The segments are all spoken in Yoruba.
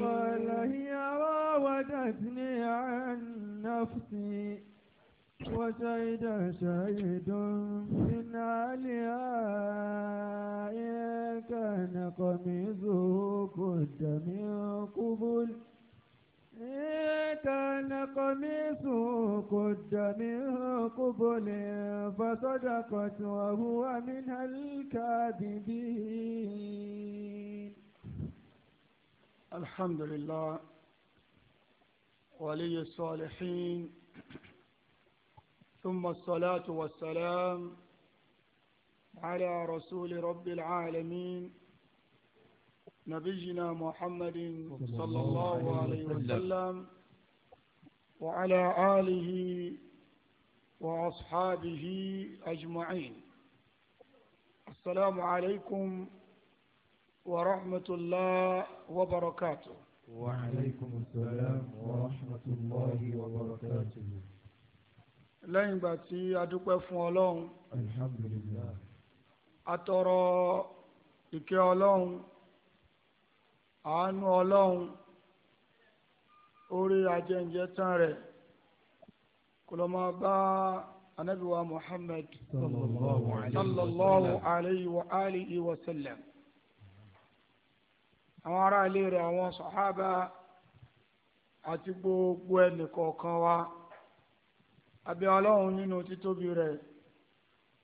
قال هي راودتني عن نفسي وشهد شهيد من عليائك كان قميصه قد من قبل كان قميصه كد من قبل فصدقت وهو من الكاذبين الحمد لله ولي الصالحين ثم الصلاة والسلام على رسول رب العالمين نبينا محمد صلى الله عليه وسلم وعلى آله وأصحابه أجمعين السلام عليكم ورحمة الله وبركاته وعليكم السلام ورحمة الله وبركاته lẹ́yìn ìgbà tí a dúpẹ́ fún ọlọ́run alhamdulillah atọrọ ìkẹ́ ọlọ́run àánú ọlọ́run orí ajẹ́njẹ́ tán rẹ̀ kó lọ máa bá anabiwa muhammad sallallahu alayhi wa alihi wa sallam àwọn ará ilé rẹ̀ àwọn sọ̀hábà àti gbogbo ẹnìkọ̀ọ̀kan wa abẹ́ ọlọ́run nínú títóbi rẹ̀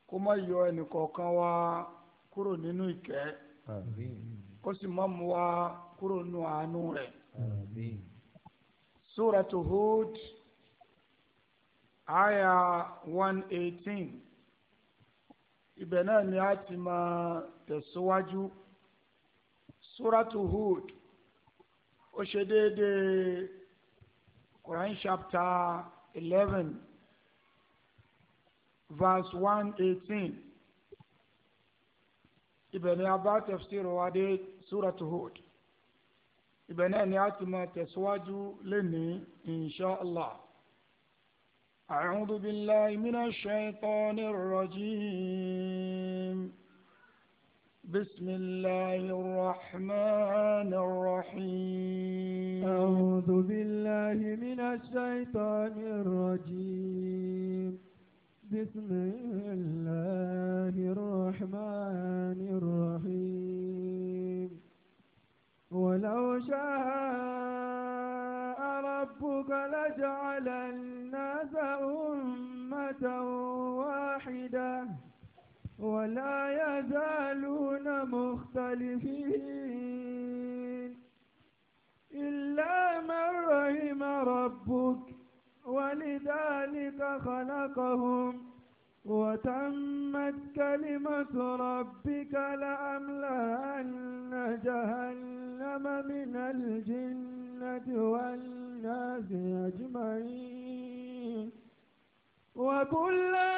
kó má yọ ẹnìkọ̀ọ̀kan wa kúrò nínú ìkẹ́ kó sì má mú wa kúrò nínú àánú rẹ̀. Suratu Hud aya one eighteen ibẹ̀ náà ni a ti máa tẹ̀síwájú. So suratu Hud ó ṣe déédéé Quran chapter eleven verse one eighteen ibẹ̀ ni a bá tafsir wa dé suratu Hud ibẹ̀ náà ni a ti máa tẹ̀síwájú lónìí insha allah. أعوذ بالله من الشيطان الرجيم بسم الله الرحمن الرحيم أعوذ بالله من الشيطان الرجيم بسم الله الرحمن الرحيم ولو شاء ربك لجعل الناس أمة واحدة ولا يزالون مختلفين إلا من رحم ربك ولذلك خلقهم وتمت كلمة ربك لأملأن جهنم من الجنة والناس أجمعين وكلا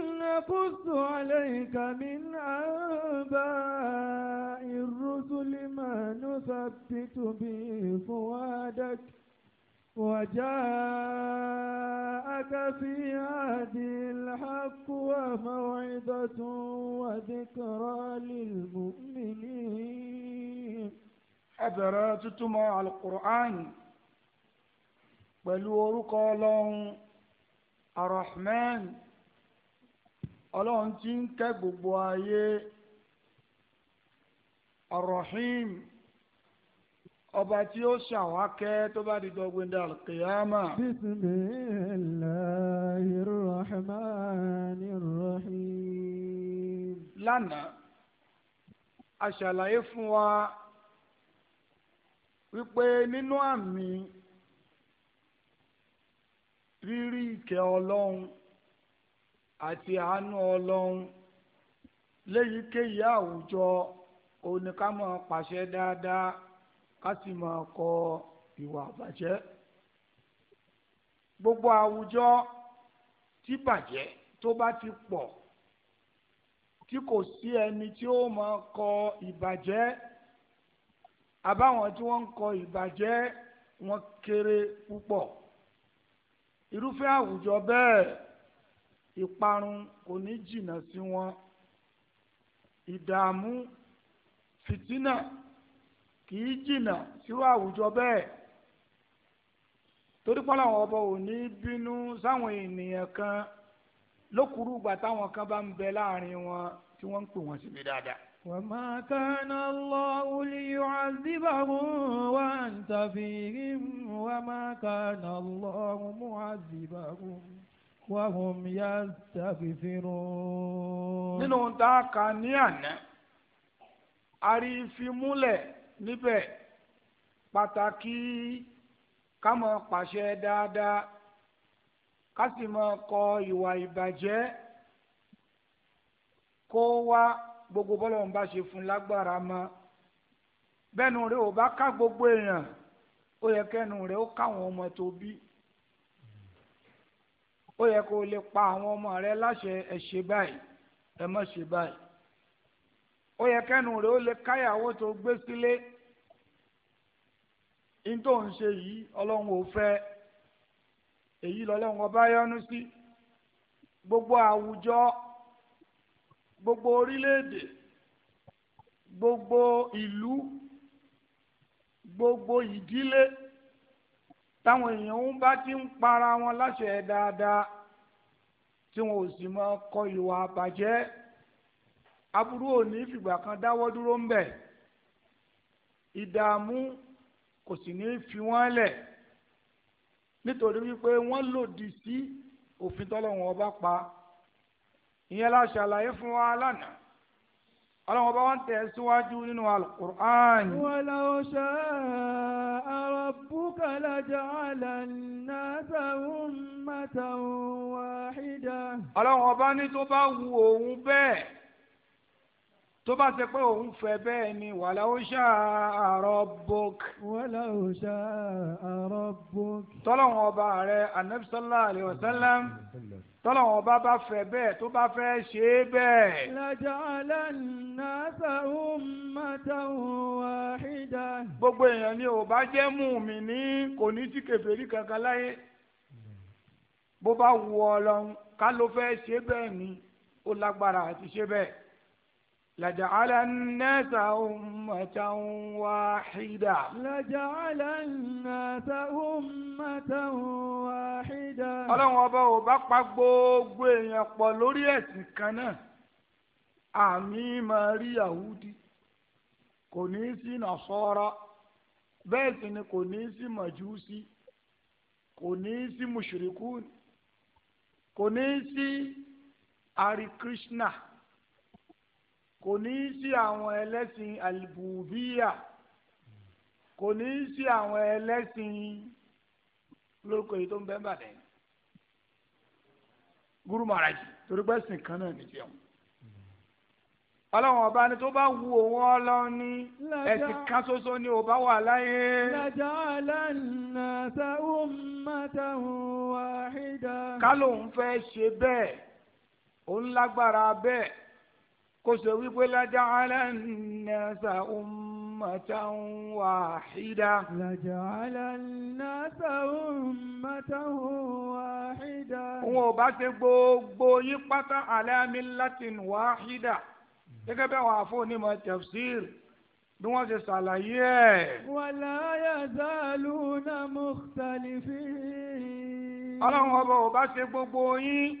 نقص عليك من أنباء الرسل ما نثبت به فؤادك وجاءك في هذه الحق وموعظة وذكرى للمؤمنين حضرات تمع القرآن بل ورقى لهم arahman ọlọ́run tí ń kẹ́ gbogbo ayé arahim ọba tí ó ṣàwákẹ́ tó bá di dọ́gbẹ́ndà alkiyama. bisimilahi rahmani rahim. lánàá a ṣàlàyé fún wa wípé nínú àmì. rírí ìkẹ́ ọlọ́run àti àánú ọlọ́run léyìíkéyìí àwùjọ òun ká máa pàṣẹ dáadáa ká sì máa kọ ìwà bàjẹ́ gbogbo àwùjọ tí bàjẹ́ tó bá ti pọ̀ tí kò sí ẹni tí ó máa kọ ìbàjẹ́ àbáwọn tí wọ́n ń kọ ìbàjẹ́ wọn kéré púpọ̀ irúfẹ́ àwùjọ bẹ́ẹ̀ ìparun kò ní jìnnà sí wọn ìdààmú fìtínà kì í jìnnà sírú àwùjọ bẹ́ẹ̀ torí pọ́n làwọn ọba ò ní bínú sáwọn ènìyàn kan lókùrú táwọn kan bá ń bẹ láàrin wọn tí wọ́n ń pè wọ́n síbi dáadáa. وما كان الله ليعذبهم وأنت فيهم وما كان الله معذبهم وهم يستغفرون nínú tá a kà ní àná àrífimúlẹ̀ níbẹ̀ fi ká máa pàṣẹ dáadáa ká sì máa gbogbo bọ́lọ́run bá ṣe fún lágbára mọ́ bẹ́ẹ̀nu rẹ ò bá ká gbogbo èèyàn ó yẹ kẹ́nu rẹ ó káwọn ọmọ tó bí ó yẹ kó lè pa àwọn ọmọ rẹ láṣẹ ẹ ṣe báyìí ẹ má ṣe báyìí ó yẹ kẹ́nu rẹ ó lè káyàwó tó gbé sílé ní tó ń ṣe yìí ọlọ́run ò fẹ́ èyí lọ́lọ́run ọba sí gbogbo àwùjọ. gbogbo orílẹ̀-èdè gbogbo ìlú gbogbo ìdílé táwọn èèyàn ń bá ti ń para wọn láṣẹ dáadáa tí wọn ò sì mọ kọ ìwà àbàjẹ́ aburú òní fìgbà kan dáwọ́ dúró ń bẹ̀ ìdààmú kò sì ní fi wọ́n lẹ̀ nítorí wípé wọ́n lòdì sí òfin tọ́lọ́wọ́n ọba pa ìyẹn la ṣàlàyé fún wa lánàá ọlọ́run ọba wa ń tẹ̀ síwájú nínú alukur'an. walau sha'a rabbuka laja'ala an-nasa ummatan wahida. ọlọ́run ọba ní tó bá wu òun bẹ́ẹ̀ tó bá ṣe pé òun fẹ́ bẹ́ẹ̀ ni walau sha'a rabbuk. walau sha'a rabbuk. tọ́lọ́run ọba rẹ̀ anabi sallallahu alayhi wa sallam tọ́lọ́wọ́n bá bá fẹ́ bẹ́ẹ̀ tó bá fẹ́ ṣe é bẹ́ẹ̀. laja'ala an-nasa ummatan wahida. gbogbo èèyàn ni ò bá jẹ́ mùmíní kò ní tí kèfèrí kankan láyé bó bá wù Ọlọ́run ká ló fẹ́ ṣe bẹ́ẹ̀ ni ó lágbára àti ṣe bẹ́ẹ̀. لجعل الناس أمة واحدة لجعل الناس أمة واحدة ọlọ́run ọba ò bá pa gbogbo èèyàn pọ̀ lórí ẹ̀sìn kan náà àmì máa rí yahudi kò ní í sí nàṣọ́ra bẹ́ẹ̀ sì ni kò ní í sí màjúsí kò ní í sí mùṣìríkù kò ní í sí àrí krishna kò ní í sí àwọn ẹlẹ́sìn albubiya kò ní í sí àwọn ẹlẹ́sìn lórúkọ yìí tó ń bẹ́ bàdẹ́ gúrú màrájì torí pé sìn kan náà ní tiẹ̀ ọlọ́run ọba ni tó bá wu òun ọlọ́run ní ẹ̀sìn kan ṣoṣo ni ò bá wà láyé. laja'alannasa ummatan wahida. ká lóun fẹ́ ṣe bẹ́ẹ̀ òun lágbára bẹ́ẹ̀ kó ṣe wípé laja'alannasa ummatan wahida. laja'alannasa ummatan wahida. wọn ò bá ṣe gbogbo yín pátá ala millatin wahida gẹ́gẹ́ bẹ́ẹ̀ wọ́n àfọ onímọ̀ tafsir bí wọ́n ṣe ṣàlàyé ẹ̀. wàlá yazaluna mukhtalifin. ọlọ́run ọba ò bá ṣe gbogbo yín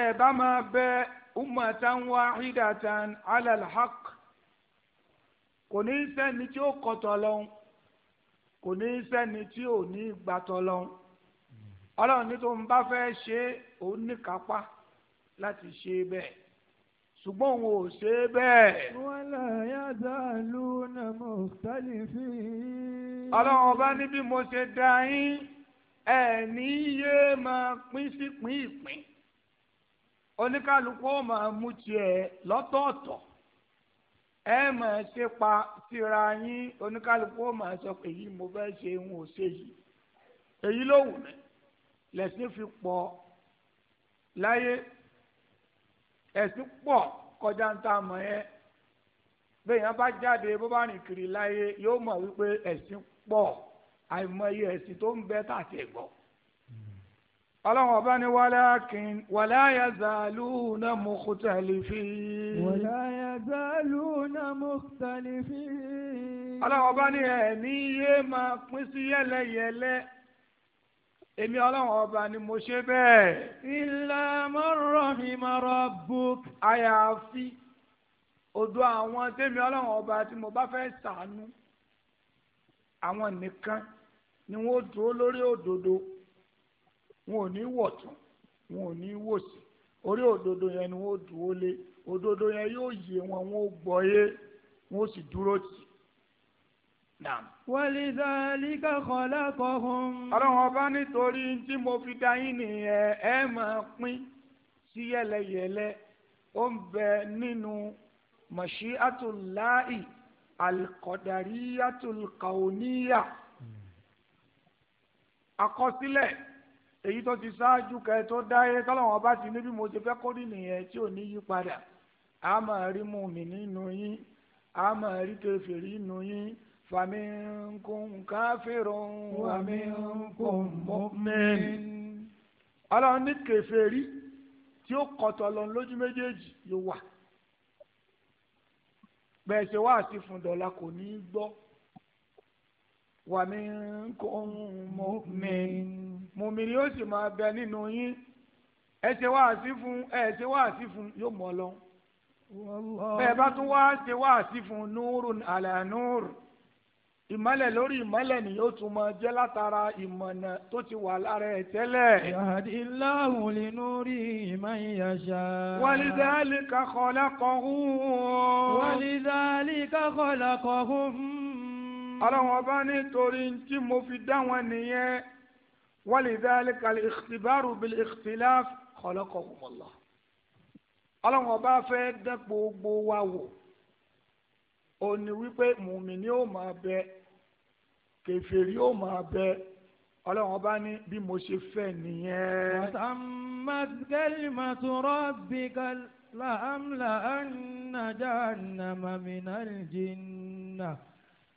ẹ̀ bá máa bẹ ummatan wahidatan ala al-haq kò ní sẹ́ni tí ó kọtọ lọ́hùn kò ní sẹ́ni tí ò ní gbàtọ̀ lọ́hùn ọlọ́run ní tó ń bá fẹ́ ṣe òun ní kápá láti ṣe bẹ́ẹ̀ ṣùgbọ́n òun ò ṣe bẹ́ẹ̀. wala yazaluna mukhtalifin. ọlọ́run ọba ní bí mo ṣe dá yín ẹ̀ ní yé máa pín sí pín ìpín. oníkálukú ó máa mú tiẹ̀ lọ́tọ̀ọ̀tọ̀ ẹ máa ṣe pa síra yín sọ pé èyí mo fẹ́ ṣe ń wò ṣe yìí èyí ló wù mí fi láyé kọjá ń bá jáde bó bá rìn kiri láyé yóò mọ̀ wípé ẹ̀sìn pọ̀ àìmọye ẹ̀sìn tó ń bẹ ọlọ́run ọba ní wàlákin wàláyà zàlúùnà mùkútàlífì. wàláyà zàlúùnà mùkútàlífì. ọlọ́run ọba ní ẹ̀mí yé máa pín sí yẹ́lẹ́yẹ́lẹ́ èmi ọlọ́run ọba ni mo ṣe bẹ́ẹ̀. illa man rahima rabbuk. àyàfi odò àwọn tèmi ọlọ́run ọba tí mo bá fẹ́ ṣàánú àwọn nìkan ni wọ́n dúró lórí òdodo. wọn ò ní wọ̀tún wọn ò ní wòsì orí òdodo yẹn ni wọn ò dúró lé òdodo yẹn yóò yé wọn wọn ò gbọ́ yé wọn ò sì dúró tì. wàlìdàlíkà kọ̀lá kọ̀hún. ọlọ́run ọba nítorí tí mo fi dá yín nìyẹn ẹ máa pín sí yẹlẹyẹlẹ ó ń bẹ nínú hmm. àkọsílẹ̀. èyí tó ti ṣáájú kẹ tó dáyé tọ́lọ́wọ́n bá ti ní bí mo ti fẹ́ kórì nìyẹn tí ò ní yí padà a máa rí mùmí nínú yín a máa rí kèfèrí nínú yín fàmínkùn káfírùn fàmínkùn mọ́mìn. ọlọ́run ní kèfèrí tí ó kọ̀tọ̀ lọ lójú méjèèjì yóò wà bẹ́ẹ̀ wá àti fúndọ̀la kò ní í gbọ́ wa minkum mu'min mùmìnì yóò sì máa bẹ nínú yín ẹ ṣe wáàsí fún ẹ ṣe wáàsí fún yóò mọ̀ lọ. bẹ́ẹ̀ bá tún wá ṣe wáàsí fún nurun ala nur ìmọ̀lẹ̀ lórí ìmọ̀lẹ̀ ni yóò tún máa jẹ́ látara ìmọ̀nà tó ti wà lára ẹ̀ tẹ́lẹ̀. yàdíláhùn lè lórí ìmọ̀ ìyàṣà. wàlídàálì kakọ̀ọ́lá kọ̀ọ̀hún. wàlídàálì kakọ̀ọ́lá kọ̀ọ̀hún ọlọ́run ọba nítorí tí mo fi dá wọn nìyẹn walidhalika al-ikhtibaru bil-ikhtilaf khalaqahum Allah ọlọ́run ọba fẹ́ dán gbogbo wa wò ó ní wípé mùmíní ó máa bẹ kèfèrí ó máa bẹ ọlọ́run ọba ní bí mo ṣe fẹ́ nìyẹn. watammat kalimatu rabbikal la'amla'anna jahannama minal jinnah.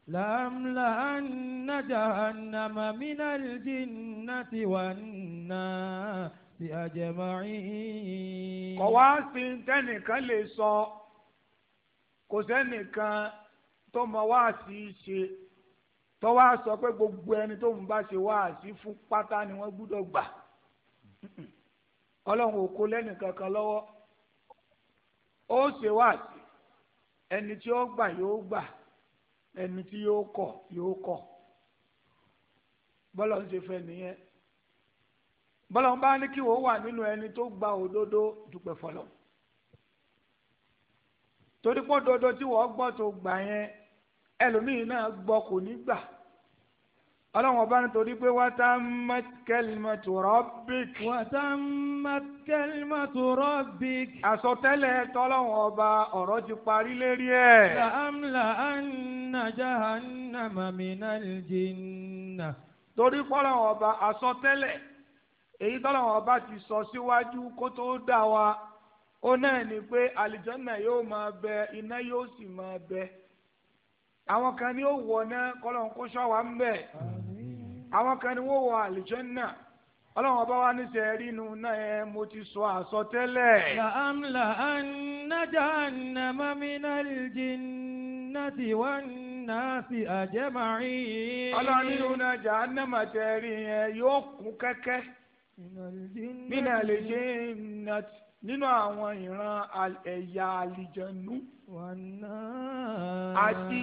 لأملأن جهنم من الجنة والناس أجمعين kò wá sí tẹ́nìkan lè sọ kò sọ pé gbogbo ẹni tó ń ṣe waasi fún pátá ni wọn gbúdọ̀ gbà ọlọ́run ò kó kankan lọ́wọ́ ó ṣe ẹni tí ó gbà yóò ẹni tí yóò kọ̀ yóò kọ̀ bọ́lá ń ṣe fẹ́ nìyẹn bọ́lá ń bá ní kí wọ́n wà nínú ẹni tó gba òdodo dúpẹ́ fọlọ́ torí pé òdodo tí wọ́n gbọ́ tó gbà yẹn ẹlòmíín náà gbọ́ kò ní gbà ọlọ́run ọba nítorí pé watammat kalimatu rabbik. watammat kalimatu rabbik. àsọtẹ́lẹ̀ tọ́lọ́run ọba ọ̀rọ̀ ti parí lérí ẹ̀. la'amla anna jahannama minal jinna. torí pọ́lọ́run ọba àsọtẹ́lẹ̀ èyí tọ́lọ́run ọba ti sọ síwájú kó tó dá wa ó náà ni pé àlìjọ́nà yóò máa bẹ iná yóò sì máa bẹ àwọn kan ni ó wọ náà kọ́lọ́n kó ṣọ́wà ń bẹ̀ àwọn kan ni wọ́n wọ àlùjànnà ọlọ́run ọba wa ní sẹ́ẹ̀rí inú náà ẹ mo ti sọ àsọtẹ́lẹ̀. làámlà ànájà ànàmọ́mínà jìnnàtì wà náàsì àjẹmàrí. ọlọ́run nínú náà jà ànàmọ̀tẹ́rì yẹn yóò kún kẹ́kẹ́. mínà lè jẹ́ nàtì nínú àwọn ìran ẹ̀yà àlìjẹ̀nú àti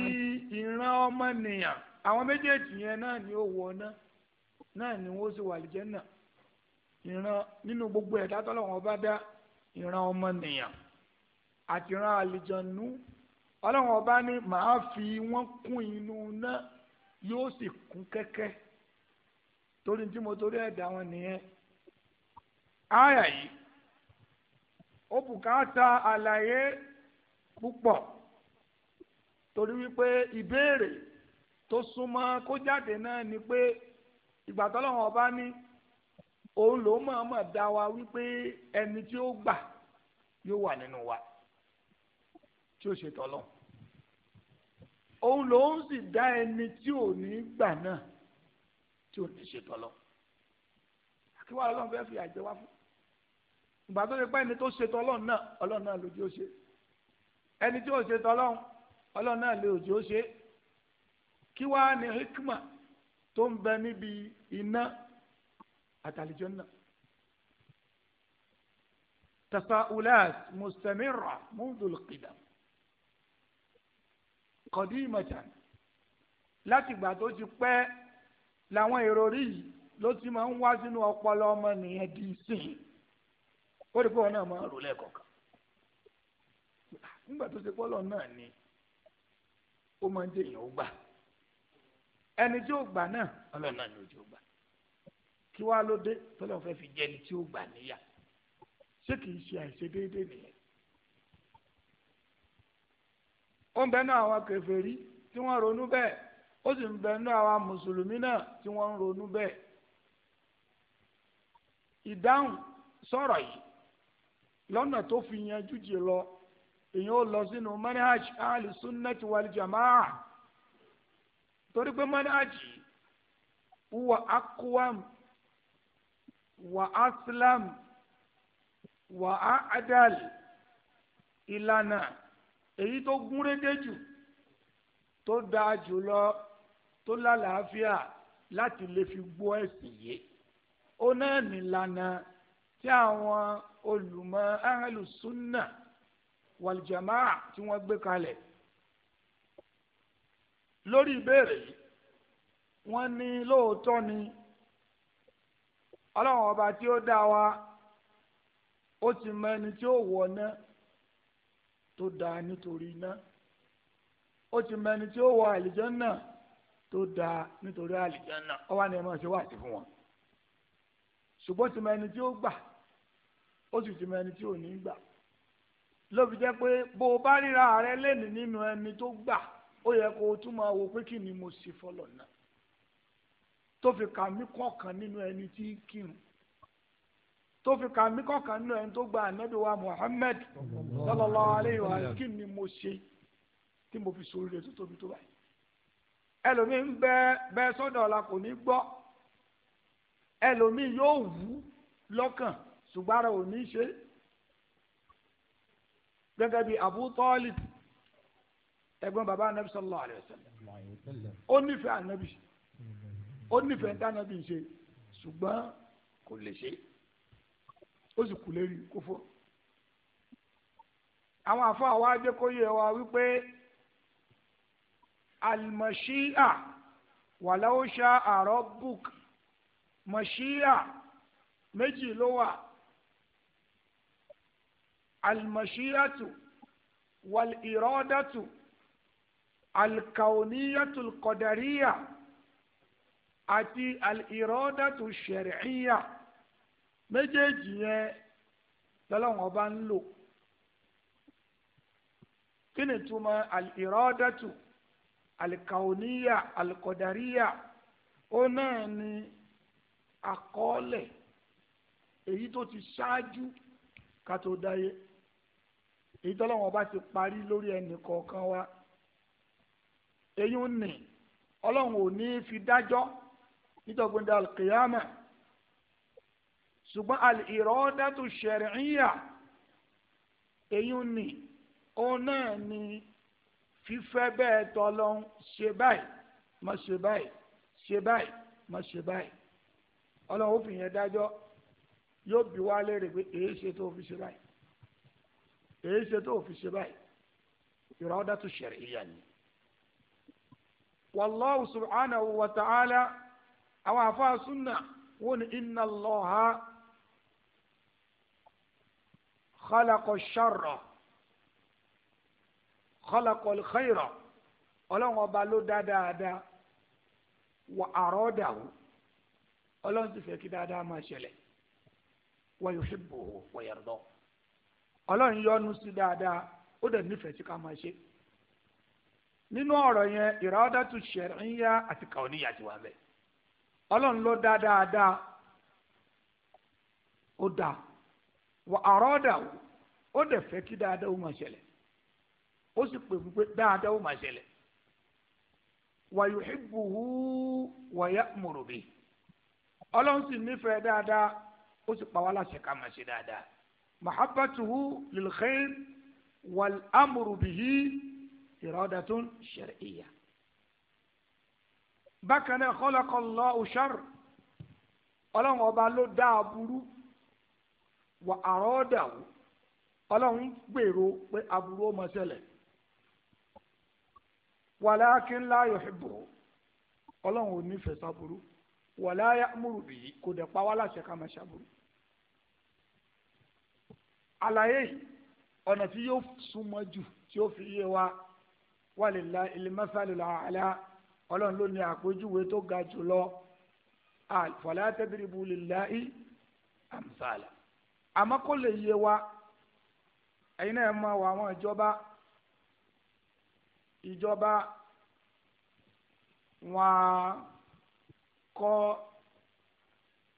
ìran ọmọnìyàn àwọn méjèèjì yẹn náà ni ó wọ náà náà ni wọ́n sì wà àlìjẹ̀nà ìran nínú gbogbo ẹ̀dá tọ́lọ́wọ́n bá dá ìran ọmọnìyàn àti ìran àlìjẹ̀nú ọlọ́wọ́n ọba ní màá fi wọ́n kún inú náà yóò sì kún kẹ́kẹ́ torí tí mo torí ẹ̀dá wọn nìyẹn. áyà yìí ó bùkátà àlàyé púpọ̀ torí wípé ìbéèrè tó súnmọ́ kó jáde náà ni pé ìgbà tọ́lọ́wọ́n ọba ní òun ló mọ̀ọ́mọ̀ dá wa wípé ẹni tí ó gbà yóò wà nínú wa tí ó ṣe tọ́lọ́ òun ló sì dá ẹni tí ò ní gbà náà tí ò ní ṣe tọ́lọ́ kí wàá fẹ́ fi àjẹ wá fún ìgbà tó ṣe pé ẹni tó ṣe tọlọ́run náà ọlọ́run náà lójú ó ṣe ẹni tí ò ṣe tọlọ́run ọlọ́run náà lójú ó ṣe kí wàá ní hikma tó ń bẹ níbi iná àtàlìjọ náà tasaulat mustamira mundul qidam qadimatan láti ìgbà tó ti pẹ́ làwọn èrò rí ló ti máa ń wá sínú ọpọlọ ọmọ nìyẹn di ìsìn ó rí fóun náà máa rò lẹ́ẹ̀kọ̀ọ̀kan nígbà tó ṣe pọ́lọ̀ náà ni ó máa ń jẹ èèyàn ẹni tí ó gbà náà ọlọ́run náà ni ó ó gbà kí wàá ló dé fi jẹ ẹni tí ó gbà níyà ṣé kì í ṣe nìyẹn ó ń bẹ náà àwọn tí wọ́n ronú bẹ́ẹ̀ ó sì ń bẹ náà náà tí wọ́n ronú bẹ́ẹ̀ ìdáhùn sọ̀rọ̀ lọ́nà tó fi yanjú jì lọ èyàn ó lọ sínú manhaj ahli sunnati wal jamaa torí pé manhaj huwa akwam wa aslam wa adal ìlànà èyí tó gúnrégé jù tó dáa jù lọ tó lálàáfíà láti lè fi gbọ́ ẹ̀sìn yé ó náà nìlànà tí àwọn olùmọ ahlu sunna wal tí wọ́n gbé kalẹ̀ lórí ìbéèrè wọ́n ní lóòótọ́ ni ọlọ́run ọba tí ó dá wa ó ti mọ ẹni tí ó wọ náà tó dá nítorí ó ti mọ ẹni tí ó wọ náà tó dá nítorí ó sì ti mọ ẹni tí ò ní gbà ló fi jẹ́ pé bó o bá ríra rẹ lẹ́nìí nínú ẹni tó gbà ó yẹ kó o tún máa wo pé kí ni mo sì fọlọ̀ náà tó fi kà mí kọ̀ọ̀kan nínú ẹni tí kírun tó fi kà mí kọ̀ọ̀kan nínú ẹni tó gba ànábì wa Muhammad sallallahu alayhi wa kí ni mo ṣe tí mo fi soro rẹ tó tóbi tó báyìí ẹlòmíín bẹ bẹ sọ́dọ̀ ọ̀la kò ní gbọ́ ẹlòmíín yóò wú ṣùgbọ́n ara ò ní ṣe gẹ́gẹ́ bí Abu Talib ẹ̀gbọ́n bàbá anabi sallallahu alayhi wa sallam ó nífẹ̀ẹ́ anabi ó nífẹ̀ẹ́ dánabi ṣe ṣùgbọ́n kò lè ṣe ó sì kú lérí kó fọ́ àwọn àfáà wa jẹ́ wa wípé almashi'a walau sha'a rabbuk mashi'a méjì ló wà المشيئة والإرادة الكونية القدرية àti al-iradatu shari'iyya méjèèjì yẹn lọ́lọ́wọ́n ọba ń lò kí ni túmọ̀ al-iradatu al ó náà ni àkọọ́lẹ̀ èyí tó ti ṣáájú ká dáyé. èyí bá ti parí lórí ẹnì kọ̀ọ̀kan wa èyí nì ọlọ́run ò ní fi dájọ́ nítọ́gbọ́ndé alkiyama ṣùgbọ́n al-iradatu shar'iyya nì òun náà ni fífẹ́ bẹ́ẹ̀ tọ́lọ́run ṣe báyìí ṣe báyìí ṣe báyìí fi yẹn dájọ́ yóò bi wa léèrè pé èyí ṣe tó fi ṣe èyí ṣe tó fi ṣe báyìí iradatu shar'iyya ni. wallahu subhanahu wa ta'ala àwọn àfáà súnà wọ́n ní inna Allaha khalaqa sharra khalaqa al-khayra ọlọ́run ọba ló dá dáadáa wà àrọ́dàwó ọlọ́run ti fẹ́ kí dáadáa máa ṣẹlẹ̀ wa yuhibbuhu wa yardahu. ọlọ́run yọ́nú sí dáadáa ó dẹ̀ nífẹ̀ẹ́ sí ká máa ṣe nínú ọ̀rọ̀ yẹn ìràwọ́dátù ṣẹ̀ríyà àti kàwọ́níyà ti wà bẹ́ẹ̀ ọlọ́run ló dá dáadáa ó dá wà ó dẹ̀ fẹ́ kí dáadáa ó máa ṣẹlẹ̀ ó sì pè fún pé dáadáa ó máa ṣẹlẹ̀ ọlọ́run sì nífẹ̀ẹ́ dáadáa ó sì pa wá láṣẹ ká máa ṣe dáadáa. محبته للخير والأمر به إرادة شرعية بكنا خلق الله شر ọlọ́run ọba ló dá aburú wà àrọ́dà wò ọlọ́run gbèrò pé aburú ó máa ṣẹlẹ̀ walakin la yuhibbu ọlọ́run ò nífẹ̀ẹ́ sáburú wala ya'muru bihi kò dẹ̀ pa wá láṣẹ ká máa ṣàbùrú àlàyé yìí ọ̀nà tí yóò súnmọ́ jù tí ó fi yé wa wàlélá ìlímọ́sálìlá àlá ọlọ́run ló ní àpèjúwe tó ga jùlọ àfọlá tẹ́bírìbù lìláì àmsàlà àmọ́ kó lè yé wa ẹ̀yin náà mọ àwọn ìjọba ìjọba wọn á kọ́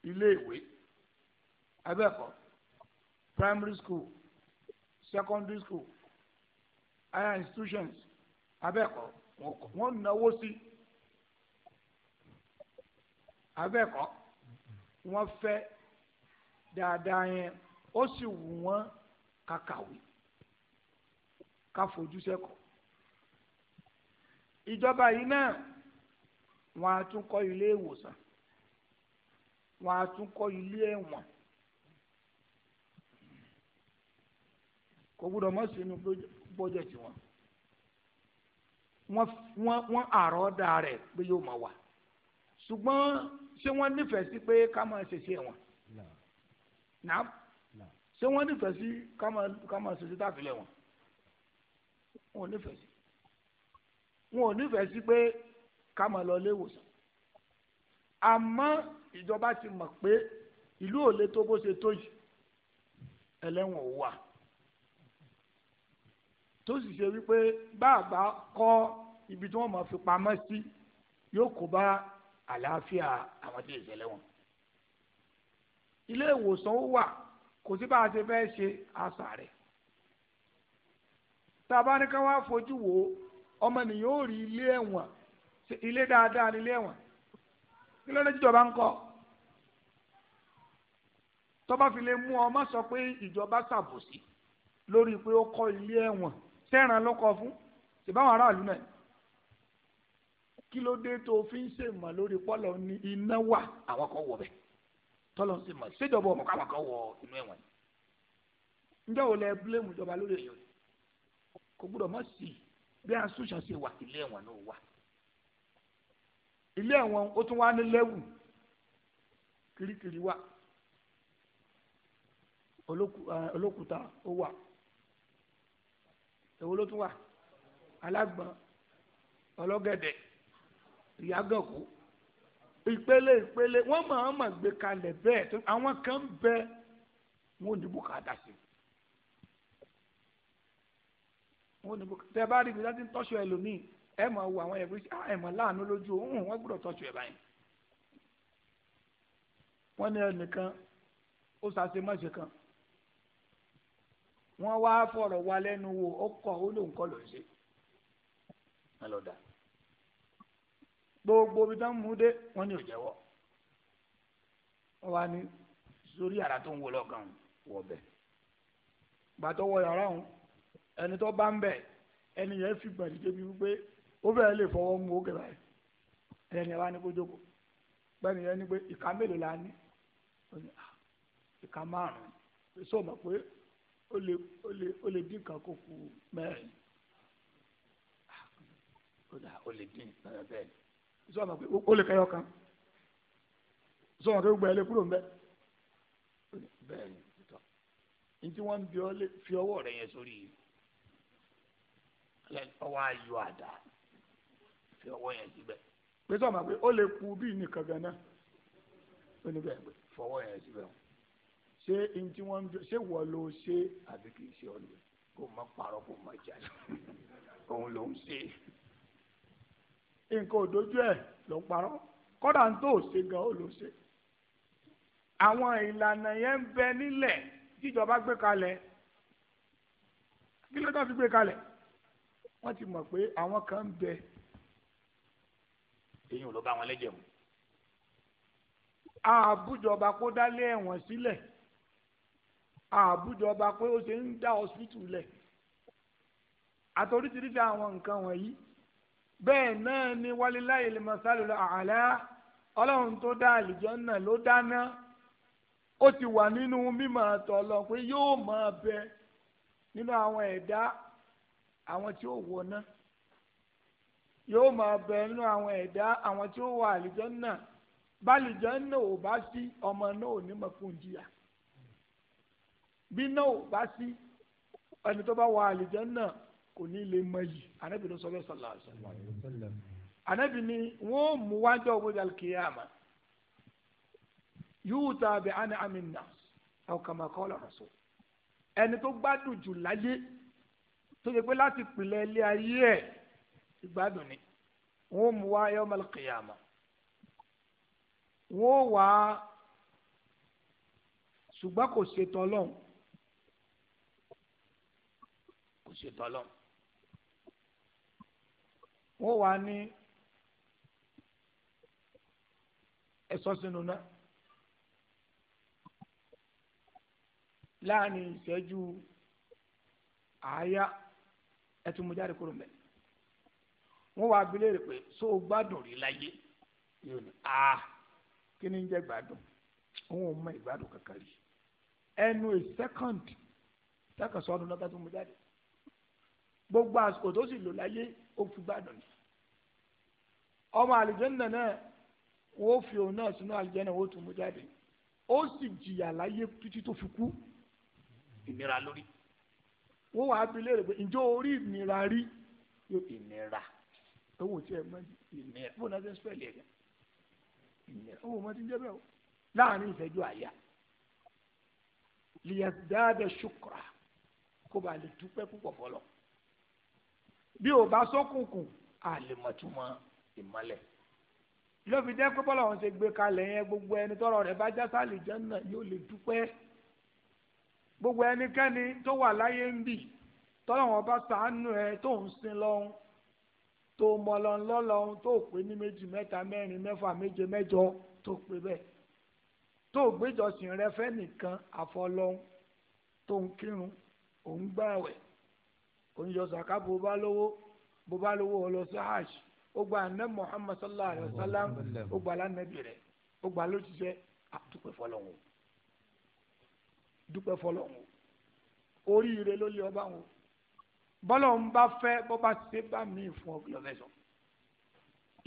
iléèwé abẹ́ẹ̀kọ́ primary school secondary school higher institutions abẹ́ẹ̀kọ́ wọ́n náwó sí abẹ́ẹ̀kọ́ wọ́n fẹ́ dáadáa yẹn ó sì wù wọ́n ká kàwé ká fojú sẹ́kọ̀ọ́ ìjọba yìí náà wọ́n á tún kọ́ ilé ìwòsàn wọ́n á tún kọ́ ilé ẹ̀wọ̀n. kò gbúdọ̀ mọ́ sínú bọ́jẹ̀tì wọn wọ́n wọ́n wọ́n àrọ́ da rẹ̀ pé yóò máa wà ṣùgbọ́n ṣé wọ́n nífẹ̀ẹ́ sí pé ká máa ṣèṣe wọn náà ṣé wọ́n nífẹ̀ẹ́ sí ká máa ká máa ṣèṣe táfilẹ̀ wọn wọn ò nífẹ̀ẹ́ sí wọn ò nífẹ̀ẹ́ sí pé ká máa lọ ilé ìwòsàn àmọ́ ìjọba ti mọ̀ pé ìlú ò lè tó bó ṣe tó yìí ẹlẹ́wọ̀n ò wà tó sì ṣe wípé bàbá kọ́ ibi tí wọ́n máa fi pamọ́ sí yóò kó bá àlàáfíà àwọn tí ìṣẹ̀lẹ̀ wọn. ilé ìwòsàn ó wà kò sí bá a ṣe fẹ́ ṣe àṣà rẹ̀ tá a bá ní ká wá fojú wo ọmọ nìyẹn rí ilé ẹ̀wọ̀n ilé dáadáa ní ilé ẹ̀wọ̀n kí ló dé tíjọba ń kọ́ tọ́ba fi lè mú ọ má sọ pé ìjọba ṣàbòsí lórí pé ó kọ́ ilé ẹ̀wọ̀n sẹ́ràn ló kọ fún ṣèbáwọn aráàlú náà kí ló dé tó fi ń lori lórí pọ́lọ̀ ní iná wà àwọn kan wọ̀ bẹ́ẹ̀ tọ́lọ̀ ń wọ inú ẹ̀wọ̀n wo lẹ bílẹ̀mù ìjọba lórí èèyàn yìí kò gbúdọ̀ mọ̀ sí i bí a sùn ṣe wà ilé ẹ̀wọ̀n náà wà ilé ẹ̀wọ̀n ó tún wá ní lẹ́wù kirikiri wà eh, olókùúta ó èwo ló tún wà alágbọ̀n ọlọ́gẹ̀dẹ̀ ìyàgànkú ìpele ìpele wọ́n máa ń máa gbé kalẹ̀ bẹ́ẹ̀ tó àwọn kan ń bẹ wọn ò ní bùkátà sí wọn ò ní bùkátà tẹ bá rí ibi láti ń tọ́sọ ẹlòmíì ẹ máa wo àwọn ẹ̀rí ah, ẹ máa láàánú lójú òun wọn gbọ́dọ̀ tọ́sọ ẹ̀ báyìí wọ́n ní ẹnìkan ó sàṣe máṣe kan wọ́n wá fọ̀rọ̀ wá lẹ́nu wo ó kọ̀ ó lóun kọ́ lọ́ọ́ ṣe ẹ lọ́ọ́ dà gbogbo ibi tó ń mú dé wọ́n ní òjẹ́wọ́ wọ́n wá ní sórí yàrá tó ń wọ lọ́gàn wọ̀ bẹ̀ gbàtọ́ wọ yàrá òun ẹni tó bá ń bẹ̀ ẹni yẹn fi gbàdí débi wípé ó bẹ̀rẹ̀ lè fọwọ́ mú ó kẹ̀rẹ̀ ẹni yẹn wá ní kó jókòó yẹn ní pé ìka mélòó la ní ah, ìka márùn-ún sọ ma pé ó lè ó lè ó lè dín kan kó kù mẹ́rin ah, ó dà ó lè dín náírà bẹ́ẹ̀ ni sọ ma pé ó lè kẹyọ kan sọ ma pé gbogbo ẹ lè kúrò mbẹ bẹ́ẹ̀ ni tọ ní tí wọn bí ọ lè fi ọwọ́ rẹ̀ yẹn sórí ọwọ́ ayọ àdá fi ọwọ́ yẹn síbẹ̀ pé sọ ma pé ó lè kú bí nìkan gan náà ó ní bẹ́ẹ̀ pé fọwọ́ yẹn síbẹ̀ o ṣé n tí wọ́n ń fi ṣé wọ́n ló ṣe àbí kì í ṣe ọ̀nà kó má parọ́ kó má jà òun ló ń ṣe nǹkan òdojú ẹ̀ ló ń parọ́ kọ́dà ń tó ṣe gan ó ló ṣe àwọn ìlànà yẹn ń bẹ nílẹ̀ tíjọba gbé kalẹ̀ kí ló dá fi gbé kalẹ̀ wọ́n ti mọ̀ pé àwọn kan ń bẹ èyí ò lọ bá wọn lẹ́jẹ̀ mu àbújọba kó dálé ẹ̀wọ̀n sílẹ̀ àbújọba pé ó ṣe ń dá hospital lẹ̀ àtòríṣiríṣi àwọn nǹkan wọ̀nyí bẹ́ẹ̀ náà ni wálíláyé lè máa sálò lọ àlá ọlọ́run tó dá àlùjànnà ló dáná ó ti wà nínú mímọ̀ àtọ̀lọ́ pé yóò máa bẹ nínú àwọn ẹ̀dá àwọn tí ó wọ̀ náà yóò máa bẹ nínú àwọn ẹ̀dá àwọn tí ó wọ àlùjànnà bá àlùjànnà ò bá sí ọmọ náà ò ní mọ̀ fún ìjìyà bí náà bá sí ẹni tó bá wà àlìjánnà kò ní lè mọ yìí anabi ló sọ bẹ́ẹ̀ sallallahu alaihi wasallam anabi ni wọn ò mú wájọ òwe alkiyama yóò ta abẹ ana amin nas aw kama qala ẹni tó gbádùn jù láyé tó yẹ pé láti pìlẹ̀ ilé ayé ẹ̀ ìgbádùn ni wọn ò mú wá yawm alkiyama wọn ò wá ṣùgbọ́n kò ṣètò ọlọ́run kò ṣe tọ́lọ́. wọ́n wà ní ẹ̀sọ́ sínú náà láàrin ìṣẹ́jú àáyá ẹtù mú jáde kúrò mẹ́. wọ́n wá abilé rẹ̀ pé so gbádùn rí láyé yóò ní a kí ni ń jẹ́ gbádùn òun ò mọ ìgbádùn kankan rí ẹnu a second sẹ́kàn sọ́ọ́dún lọ́tà tó mú jáde gbogbo àsìkò tó sì lò láyé ó fi gbàdọ̀ yìí ọmọ àlùjẹ́nà náà wọ́n ó fi òun náà sínú àlùjẹ́nà wọ́n ó tún mú jáde ó sì jìyà láyé títí tó fi kú ìnira lórí wọ́n wàá bi léèrè pé ǹjọ́ orí ìnira rí yóò ìnira owó tí ẹ mọ ìnira fún ọ̀nà tí ń sọ̀lẹ̀ ẹ̀ ìnira owó mọ ti ń jẹ́ bẹ́ẹ̀ o láàrin ìfẹ́jú àyà lìyàtúdáàdẹ ṣùkúrà kó ba lè dúpẹ́ púpọ̀ fọlọ́ bí ò bá sókùnkùn a lè mọ̀túmọ̀ ìmọ́lẹ̀ yóò fi jẹ́ pé bọ́lá wọn ṣe gbé kalẹ̀ yẹn gbogbo ẹni tọrọ rẹ̀ bá já sálì jẹ́nà yóò lè dúpẹ́ gbogbo ẹnikẹ́ni tó wà láyé ń bì tọ́lá wọn bá sàánú ẹ tó ń sin lọ́hún tó mọ lọ́hún lọ́lọ́hún tó pé ní méjì mẹ́ta mẹ́rin mẹ́fà méje mẹ́jọ tó pé bẹ́ẹ̀ tó gbéjọsìn rẹ fẹ́ nìkan àfọlọ́hún tó ń kírun òun gbààwẹ̀ kò ní yọ sàká bó bá lówó bó bá lówó ọlọ sí hajj ó gba àná muhammad sallallahu alayhi wa sallam ó gba lánàbì rẹ ó gba lóṣìṣẹ àdúpẹ́ fọlọ́hún dúpẹ́ fọlọ́hún oríire ló lé ọba wọn bọ́lọ̀ ń bá fẹ́ bọ́ ṣe bá mi fún ọ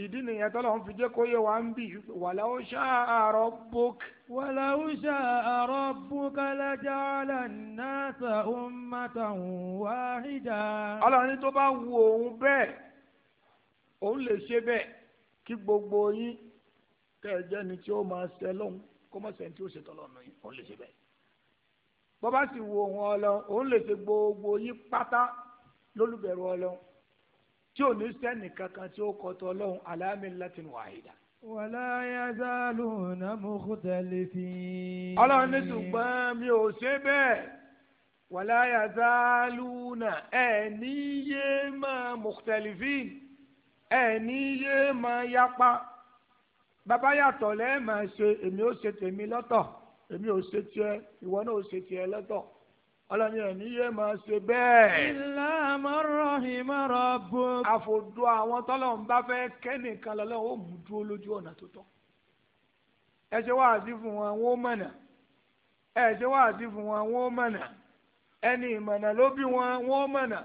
ìdí nìyẹn tọ́lọ̀ ń fi jẹ́ kó yẹ wá ń bì walau sha'a rabbuk. walau sha'a rabbuk laja'ala an-nasa ummatan wahida. ọlọ́run tó bá wu òun bẹ́ẹ̀ òun lè ṣe bẹẹ kí gbogbo yín kẹ́ ni tí ó máa ṣẹ lọ́hùn kó má ṣe ní tí ó ṣe òun lè ṣe sì wu òun òun lè ṣe gbogbo yín pátá lólùbẹ̀rù tí ò ní sẹ́ni kankan tí ó kọtọ ọlọ́run ala millatin wahida. wala yazaluna mukhtalifin. ọlọ́run ní ṣùgbọ́n mi ò ṣe bẹ́ẹ̀ wala yazaluna ẹ̀ ní yé máa mukhtalifin ẹ̀ ní yé máa yapa bàbá yàtọ̀ lẹ́ẹ̀ ṣe èmi ò ṣe tèmi lọ́tọ̀ èmi ò ṣe tiẹ̀ ìwọ náà ò ṣe tiẹ̀ lọ́tọ̀. ọlọ́ni ẹ̀ ní yé máa ṣe bẹ́ẹ̀. ilé àmọ́rọ̀ ìmọ̀rọ̀ bò. àfòdù àwọn tọ́lọ́run bá fẹ́ kẹ́nìkan lọ́lọ́run ó mú dúró lójú ọ̀nà tó tọ́. ẹ ṣe wá àti fún wọn wọn ó mọ̀nà ẹ ṣe wá àti fún wọn wọn ó mọ̀nà ẹni ìmọ̀nà ló bí wọn wọn ó mọ̀nà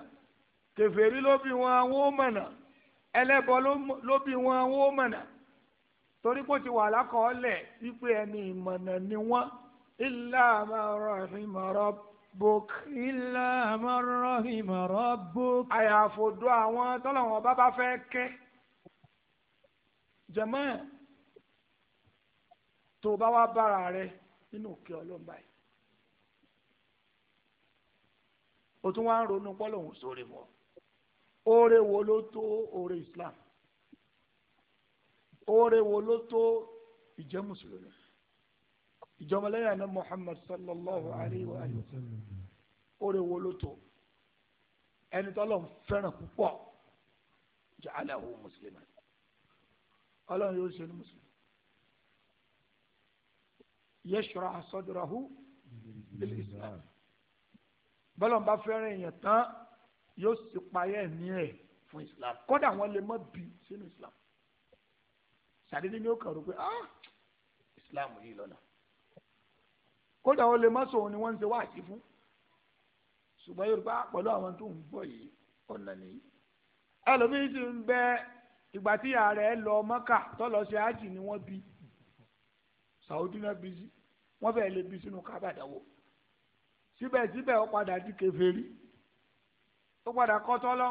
ló bí wọn wọn ó mọ̀nà ẹlẹ́bọ ló bí wọn wọn ó ربك إلا من رحم ربك àyàfò do àwọn tọ́lọ́wọ́n bá bá fẹ́ kẹ́ jẹ̀mọ́ tó bá wá bára rẹ nínú òkè ọlọ́run báyìí o tún wá ń ronú pọ́lọ́hún sórí mọ́ oore wo ló tó oore Islam oore wo ló tó ìjẹ́ mùsùlùmí ìjọmọlẹ́yìn àná Muhammad sallallahu alayhi wa sallam oore wo ló tó ẹni tọ́lọ̀ ń fẹ́ràn púpọ̀ ja'alahu mùsùlùmí ọlọ́run yóò ṣe ní mùsùlùmí yashra' sadrahu bil islam bọ́lọ̀ ń bá fẹ́ràn èèyàn tán yóò sì payẹ́ ní ẹ̀ fún islam kódà wọn lè má bí sínú islam sàdédé ni ó kàn rò pé ah islam yìí lọ́nà kódà ó lè má sòun ni wọ́n ń ṣe wáàsí fún ṣùgbọ́n yorùbá pẹ̀lú àwọn tó ń bọ̀ yìí ọ̀nà nìyí ẹlòmíín ti ń bẹ ìgbà tí ìyá rẹ̀ lọ mọ́kà tọ́lọ́ ṣe ájì ni wọ́n bí sàwùdí náà bí sí wọ́n fẹ́ẹ́ lè bí sínú kábàdáwò síbẹ̀síbẹ̀ ó padà di kèfèrí ó padà kọ́ tọ́lọ́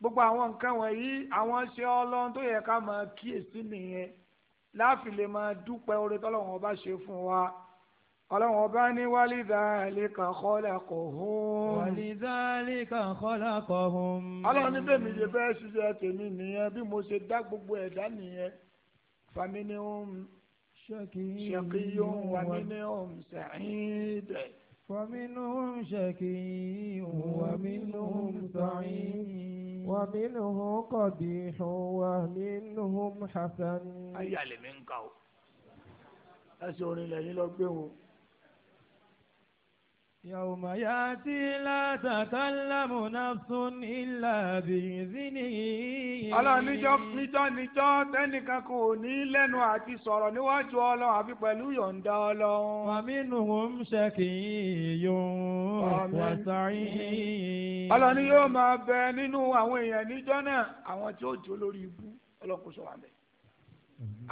gbogbo àwọn nǹkan wọ̀nyí àwọn ṣe ọlọ́run tó yẹ ká máa kíyèsí nìyẹn láàfin lè máa dúpẹ́ oore tọ́lọ́wọ́n ọba ṣe fún wa ọlọ́wọ́n ọba ní walidhalika khalaqahum. walidhalika khalaqahum. ọlọ́run ní bẹ́ẹ̀ mi ṣe fẹ́ ṣiṣẹ́ tèmi nìyẹn bí mo ṣe dá gbogbo ẹ̀dá nìyẹn faminhum shaqiyyun wa minhum sa'id فمنهم شقي ومنهم سعيد ومنهم قبيح ومنهم حسن أي علم منك أسوري لني لو يوم يأتي لا تكلم نفس إلا بإذنه. ọlọ́run níjọ́ níjọ́ níjọ́ tẹ́nìkan kò ní lẹ́nu àti sọ̀rọ̀ níwájú ọlọ́run àfi pẹ̀lú yọ̀ǹda ọlọ́run. ومنهم شقي وسعيد. ọlọ́run yóò máa bẹ nínú àwọn èèyàn níjọ́ náà àwọn tí ó jó lórí ibú ọlọ́run kò sọ wà bẹ́ẹ̀.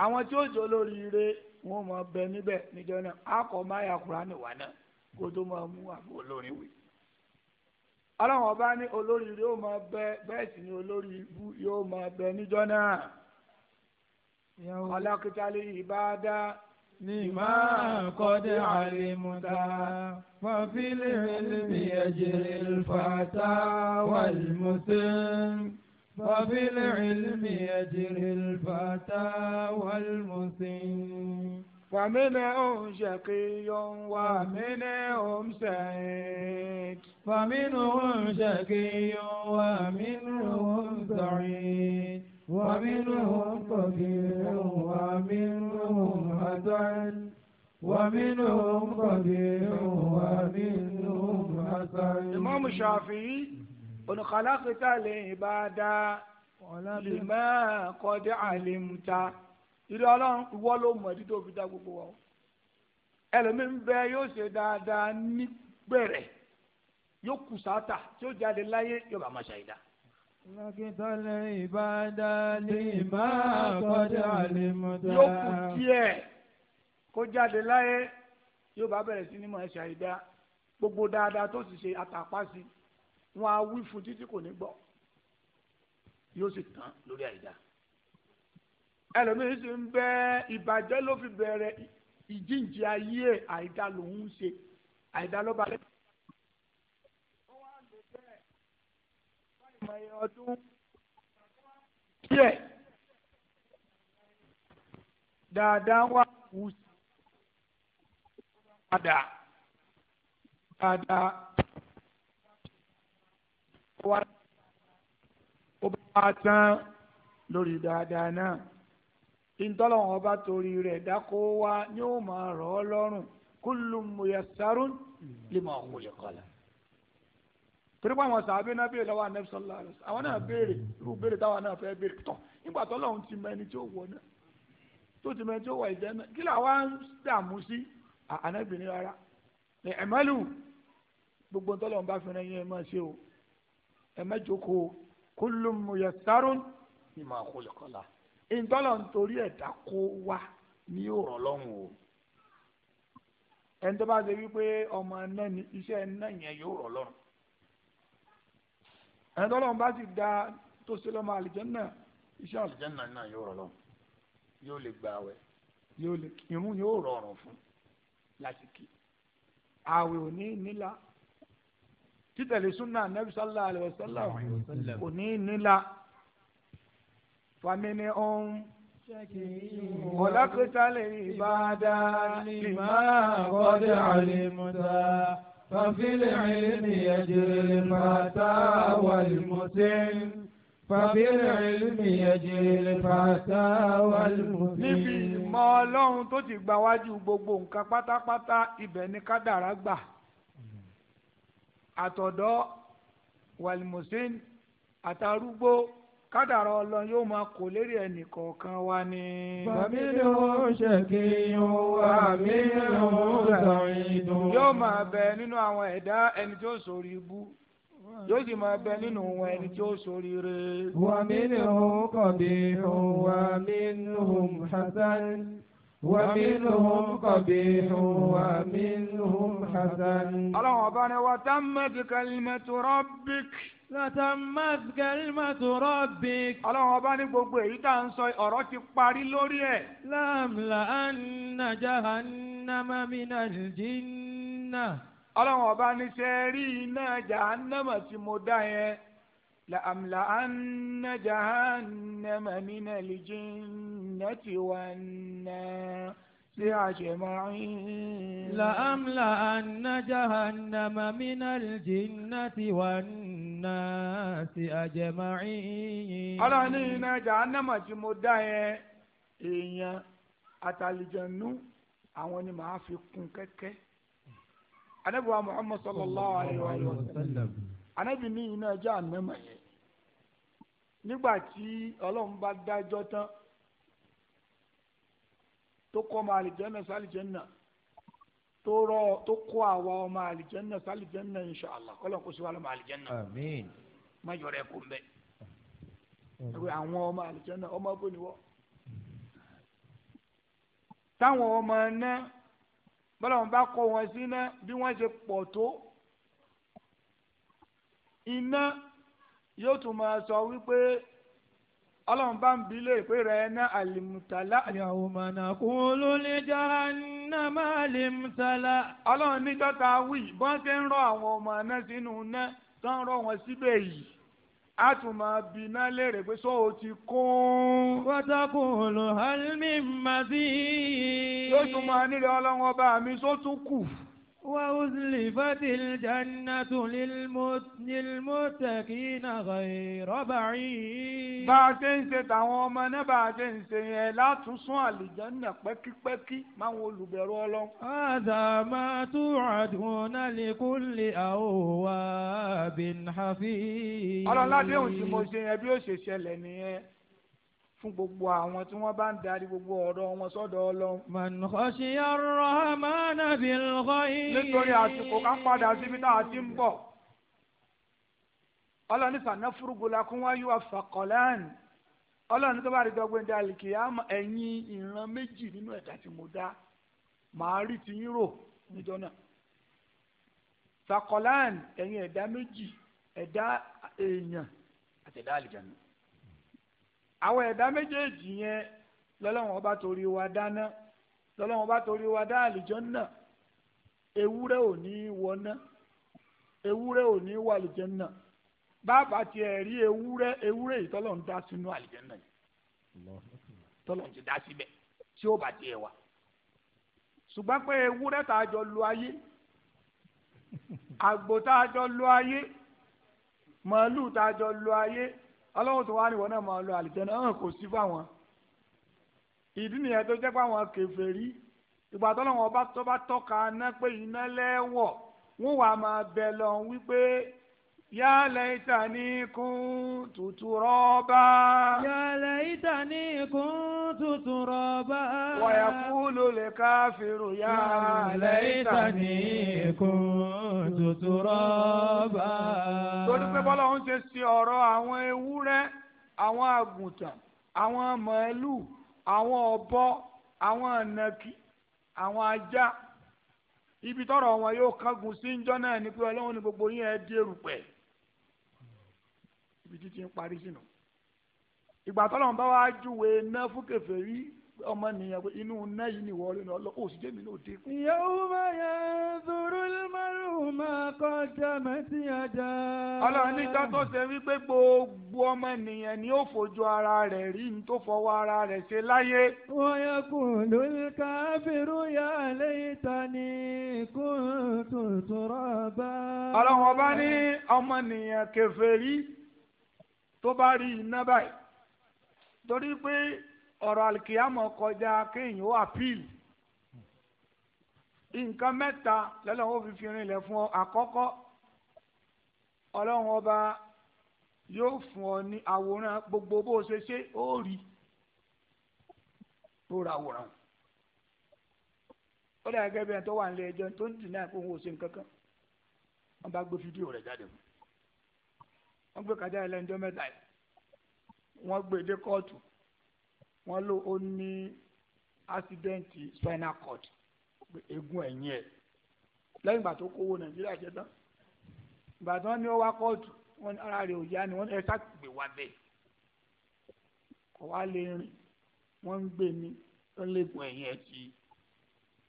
àwọn tí ó jó lórí ire wọ́n máa kó tó máa mú àbò olórí wí. ọlọ́run ọba ní olórí yóò máa bẹ bẹ́ẹ̀ sì ni olórí ibú yóò máa bẹ níjọ́ náà. ọlọ́kítàlẹ́ ìbáadá ní máa kọ́dé àlèmùtà fọ́fílẹ̀ ẹlẹ́mì ẹ̀jẹ̀ ìfàtà wàlmùsùn. فبالعلم يجري الفتى والمسلم فمنهم شقي ومنهم سعيد فمنهم شقي ومنهم سعيد ومنهم فقير ومنهم هدل ومنهم قدير ومنهم حسن الإمام الشافعي قل خلقت العباد لما قد علمت ìrẹ Ọlọ́run ìwọ ló mọ ìdí tó fi dá gbogbo wa o ẹlòmíín bẹ yóò ṣe dáadáa ní bẹ̀rẹ̀ yóò kù sáátà tí ó jáde láyé yóò bá máa ṣàyídá. lákìtọ́lẹ̀ ìbádá lè má kọjá lè mọ̀ dáa. yóò kù díẹ̀ kó jáde láyé yóò bá bẹ̀rẹ̀ sí ní mọ̀ ṣàyídá gbogbo dáadáa tó sì ṣe àtàpá sí wọn á wí fún títí kò ní gbọ́ yóò sì tán lórí àyídá ẹlòmíín sì ń bẹ ìbàjẹ́ ló fi bẹ̀rẹ̀ ìjíǹjì ayé àìdá lòún ń ṣe àìdá ló bá lẹ́yìn. ó wá lò bẹ́ẹ̀ wọ́n ìmọ̀ ọdún díẹ̀ dáadáa wà wù sí padà dáadáa ó bá tán lórí dáadáa náà ìtọ́lọ́wọ́n ọba torí rẹ̀ dákó wá ni ó máa rọ̀ ọ́ lọ́rùn kullu muyassarun lima khuliqa lahu. torí pé àwọn sàábé náà béèrè lọ́wọ́ anabi sallallahu alaihi wasallam àwọn náà béèrè irú béèrè táwọn náà fẹ́ béèrè tọ̀ nígbà tọ́lọ́run ti mọ ẹni tí ó wọ náà tó ti mọ ẹni tí ó wọ ìjẹ́ náà kí làwa ń dààmú sí anabi ní rárá ẹ̀mẹ́lù gbogbo tọ́lọ́run bá fẹ́ràn yín máa ṣe o ẹ má jókòó lima khuliqa lahu ìtọ́lọ̀ nítorí ẹ̀dá kó wá ní òrọ̀ lọ́hùn o ẹni tó bá ṣe wípé ọmọ náà ni iṣẹ́ náà yẹn yóò rọ̀ lọ́rùn ẹni tó lọ́hùn bá sì da tó ṣe lọ́mọ àlìjẹ́nà iṣẹ́ àlìjẹ́nà náà yóò rọ̀ lọ́rùn yóò lè gba àwẹ̀ yóò lè irun yóò rọrùn fún láti kí àwẹ̀ òní nílá títẹ̀lé súnà nẹ́bísálà àlẹ́ wọ́sálà òní nílá fàmìnì ọ̀hún. خلقت العبادة لما قد علمت ففي العلم يجري الفتى والمسن ففي العلم يجري الفتى والمسن. níbi ìmọ̀ ọlọ́run tó ti gbà wájú gbogbo nǹkan pátápátá ibẹ̀ ni kádàrá gbà àtọ̀dọ́ wàlmùsìn àtàrúgbó. kádàrá ọlọ́run yóò máa kò lérí ẹnì wa ni. bàmílò ṣèkì wà mílò sàìdù. yóò máa bẹ nínú àwọn ẹ̀dá ẹni ó sórí ibú yóò sì máa bẹ nínú wọn ẹni tí ó sórí rẹ. wà mílò kọ̀bí wà mílò hasan. ومنهم قبيح Sàtàmàt kẹ́límàtò rọ́bì. Ọlọ́run ọba ní gbogbo èyí tá à ń sọ ọ̀rọ̀ ti parí lórí ẹ̀. Láàmùlà ànà jahannama mina jìnnà. Ọlọ́run ọba ní ṣe rí iná jahannama tí mo dá yẹn. Láàmùlà ànà jahannama mina jìnnà tiwọn náà. أجمعين لأملأن جهنم من الجنة والناس أجمعين ألا نينا جهنم جموداية إيا أتالجنو àwọn ni màá fi atalijanu awọn anabi wa muhammad sallallahu alayhi wa sallam anabi ní iná ẹjọ́ àmẹ́mọ̀ yẹn tó kọ́ ọmọ àlìjẹ́nà sálìjẹ́nà tó rọ tó kọ́ àwa ọmọ àlìjẹ́nà sálìjẹ́nà inṣàlá kọ́lọ́ kó sí wa lọ́mọ àlìjẹ́nà àmín májọ rẹ kó mbẹ ẹgbẹ àwọn ọmọ àlìjẹ́nà ọmọ bó ni wọ́ táwọn ọmọ náà bọ́lá wọn bá kọ́ wọn sí náà bí wọ́n ṣe pọ̀ tó iná yóò tún máa sọ wípé ọlọ́run bá ń bi ilé ìpè rẹ̀ ná àlìmùtálá. yawma naqulu li jahannama àlìmùtálá. ọlọ́run níjọ́ ta wí bọ́n ṣe ń rọ àwọn ọmọ náà sínú iná tó ń rọ wọn síbẹ̀ yìí a tún máa bi iná léèrè pé sọ o ti kún. wataqulu hal min mazid. yóò tún máa nílẹ̀ ọlọ́run ọba mi só tún kù. وأزلفت الجنة للمتقين غير بعيد bá a ṣe ń ṣe tàwọn ọmọ náà bá a ṣe ń ṣe yẹn látúnṣún àlìjánná pẹ́kípẹ́kí máwọn olùbẹ̀rù ọlọ́run. هذا ما توعدون لكل أواب حفيظ. ọlọ́ládé òun tí mo ṣe yẹn bí ó ṣe ṣẹlẹ̀ nìyẹn fún gbogbo àwọn tí wọ́n bá ń darí gbogbo ọ̀rọ̀ wọn sọ́dọ̀ ọlọ́run. man khashiya ar-rahmana bil ghaib. nítorí àsìkò ká padà síbi tá a ti ń bọ̀. ọlọ́ni sànà fúrúgbó la kún wáyú afakọ̀lẹ́hàn. ọlọ́ni tó bá rí dọ́gbọ́n dá àlìkìyámà ẹ̀yin ìran méjì nínú ẹ̀dá tí mo dá màá rí ti yín rò níjọ́ náà. fakọ̀lẹ́hàn ẹ̀yin ẹ̀dá méjì ẹ̀dá èèyàn àtẹ̀dá àlìjánu àwọn ẹ̀dá méjèèjì yẹn lọ́lọ́wọ́n bá torí wa dáná lọ́lọ́wọ́n bá torí wa dá àlùjànnà ewúrẹ́ ò ní wọná ewúrẹ́ ò ní wọ àlùjànnà bàbá tiẹ̀ rí ewúrẹ́ ewúrẹ́ yìí tọ́lọ̀ ń dá sínú àlùjànnà yìí tọ́lọ̀ ń ti dá síbẹ̀ tí ó bá tiẹ̀ wà ṣùgbọ́n pé ewúrẹ́ tá a jọ lu ayé àgbò tá a jọ lu ayé màálù tá a jọ lu ayé ọlọ́run tó wá ní ìwọ náà máa lọ àlìjẹ́nà hàn kò sí fáwọn ìdí nìyẹn tó jẹ́ fáwọn kèfèrí ìgbà tó lọ́wọ́ ọba tó bá tọ́ka ná pé iná lẹ́wọ̀ wọ́n wà máa bẹ̀ lọ wípé yá laitani kuntu turaba. yá laitani kuntu. كنت ترابا ويقول الكافر يا ليتني كنت ترابا torí pé bọ́lá ń ṣe sin ọ̀rọ̀ àwọn ewúrẹ́ àwọn àgùntàn àwọn màálù àwọn ọ̀bọ àwọn ànàkì àwọn ajá ibi tọrọ wọn yóò kángun sí njọ náà ni pé ọlọ́run ní gbogbo yín ẹ dé rúpẹ́ ibi títí ń parí sínú ìgbà tọ́lọ́run bá wá júwe iná fún kèfèrí ọmọ nìyẹn pé inú iná yìí nìwọ rẹ lọ ó sì jẹ́mi náà dé. yawma yanzurul mar'u ma qaddamat yada. ọlọ́run nígbà tó ṣe wípé gbogbo ọmọ nìyẹn ni ó fojú ara rẹ̀ rí ní tó fọwọ́ ara rẹ̀ ṣe láyé. wa yaqulul kafiru ya laytani kuntu turaba. ọlọ́run ọba ní ọmọ nìyẹn kèfèrí tó bá rí iná báyìí. torí pé ọ̀rọ̀ àlìkìyàmọ̀ kọjá kéèyàn ó àpíl nǹkan mẹ́ta lọ́lọ́run fi fi rinlẹ̀ fún ọ àkọ́kọ́ ọlọ́run ọba yóò fún ọ ní àwòrán gbogbo bó o ṣe ṣe ó rí tó ra àwòrán ó dàgbà gẹ́gẹ́ bí ẹni tó wà nílé ẹjọ́ tó ń dì náà kó o ṣe nǹkan kan wọ́n bá gbé fídíò rẹ̀ jáde wọ́n gbé kájà wọ́n gbé dé kóòtù wọ́n ló ó ní ásídẹ́ǹtì spinal cord eegun ẹ̀yìn ẹ̀ lẹ́yìn ìgbà tó kówó nàìjíríà jẹ tán ìgbà tí wọ́n ní ó wá kóòtù wọ́n ní ara rẹ̀ ò yá ni wọ́n ẹ ṣàgbé wa bẹ́ẹ̀ kò wá lè rìn wọ́n ń gbé ní wọ́n léegun ẹ̀yìn ẹ̀ tí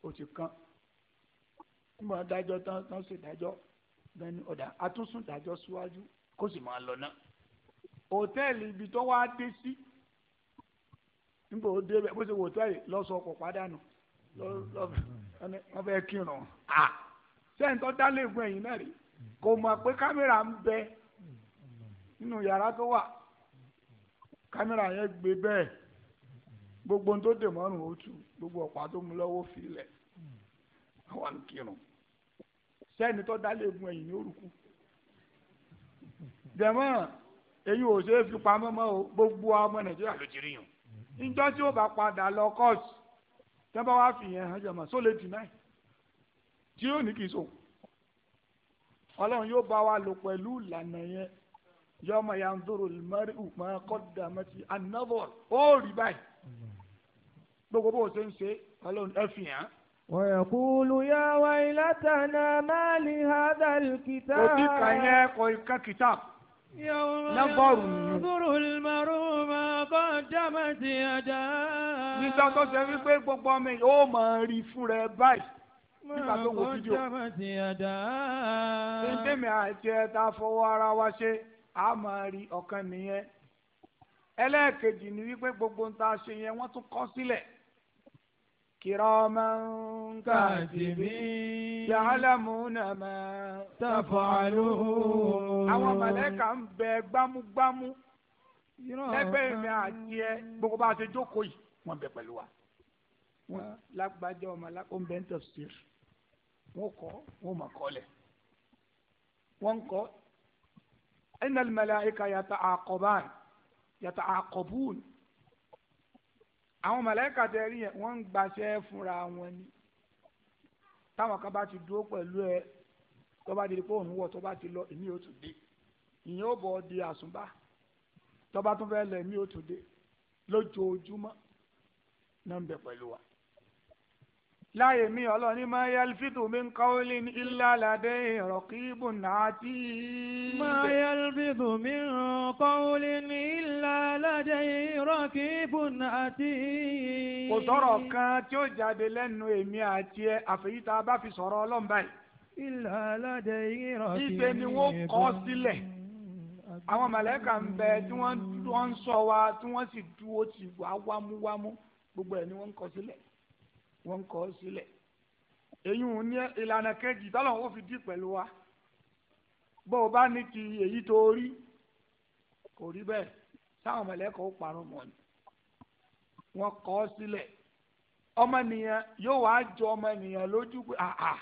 ó ti kán nígbà dájọ́ tán tán ṣèdájọ́ bẹ́ẹ̀ ni ọ̀dà àtúnṣùn dájọ́ síwájú kó sì máa lọ náà hòtẹ́ẹ̀lì ibi tó wá dé sí níbo ó dé bó ṣe wò hòtẹ́ẹ̀lì lọ́sọ̀ ọkọ̀ pàdánù wọ́n fẹ́ kírun à sẹ́ńtọ́ dálẹ́gùn ẹ̀yìn náà rí kò mọ̀ pé kámẹ́rà ń bẹ nínú yàrá tó wà kámẹ́rà yẹn gbé bẹ́ẹ̀ gbogbo tó dè mọ́rùn ó tú gbogbo ọ̀pá tó mú lọ́wọ́ filẹ̀ àwọn ń kírun sẹ́ni tó ẹ̀yìn ní orúkú dẹ̀mọ́ràn èyí ò ṣeé fi pamọ́ mọ́ o gbogbo ọmọ nàìjíríà ló ti rí yàn níjọ́ tí ó bá padà lọ kóòtù tẹ́ bá wá fìyẹn hàn jọ̀mọ́ sólè dìnáì tí yóò ní kì í so ọlọ́run yóò bá wa lò pẹ̀lú ìlànà yẹn yọmọ ya ń dòrò mẹ́rì ùpọ̀n kọ́dà mẹ́tì anọ́bọ̀ ó rí báyìí gbogbo bó ṣe ń ṣe ọlọ́run ẹ fi hàn. ويقول يا ويلتنا ما لهذا الكتاب. òbí kan yẹn kọ ìka kìtàbù lọ́gọ́rùn-ún. dúró màrún máa bá dámà sí ajá. nígbà tó ṣe wípé gbogbo ọmọ yìí ó máa rí fún rẹ báyìí nígbà tó wo fídíò. máa bá dámà sí ajá. fọwọ́ ara wa ṣe a máa rí ọ̀kan nìyẹn. ẹlẹ́ẹ̀kejì ni wípé gbogbo ń ta ṣe yẹn wọ́n tún kọ sílẹ̀. كراما كاتبين يعلمون ما تفعلون àwọn màlàíkà ń bẹ gbámúgbámú lẹ́gbẹ̀ẹ́ uh, mi àti ẹ gbogbo bá a ṣe jókòó yìí wọ́n bẹ pẹ̀lú wa. lágbájá ọmọ alákó ń bẹ ń tafsir wọ́n kọ́ wọ́n mọ̀ kọ́ lẹ̀ wọ́n kọ́ innal màlàíkà yata'aqaban yata'aqabun àwọn mọ̀lẹ́kà tẹ rí yẹn wọ́n ń gbaṣẹ́ fúnra wọn ni táwọn kan bá ti dúró pẹ̀lú ẹ tó bá di pé òun wọ̀ tó bá ti lọ èmi ò tún dé ìyẹn ò bọ̀ di àsùnbà tó bá tún fẹ́ lẹ̀ èmi ò tún dé lójoojúmọ́ náà ń bẹ pẹ̀lú wa láyé mi ọlọ́ni máa yalfitu min qawlin illa ladayhi raqibun atid. máa yalfitu min qawlin illa ladayhi raqibun atid. kò sọ̀rọ̀ kan tí ó jáde lẹ́nu èmi àti ẹ àfẹ́yìntà bá fi sọ̀rọ̀ ọlọ́run báyìí. illa ladayhi raqibun atid. ìṣe ni wọ́n kọ́ sílẹ̀ àwọn màlẹ́kà ń bẹ tí wọ́n ń sọ wa tí wọ́n sì dúró ti wá wámúwámú gbogbo ẹ̀ ni wọ́n ń kọ sílẹ̀ wọ́n ń kọ́ ọ sílẹ̀ èyí ò ní ìlànà kejì tọ́lọ̀ wọn fi dì pẹ̀lú wa bó o bá ní ti èyí tó rí kò rí bẹ́ẹ̀ táwọn mẹ̀lẹ́kọ̀ ó parọ́ mọ́ ni wọ́n kọ́ ọ sílẹ̀ ọmọnìyàn yóò wá jọ ọmọnìyàn lójú pé àà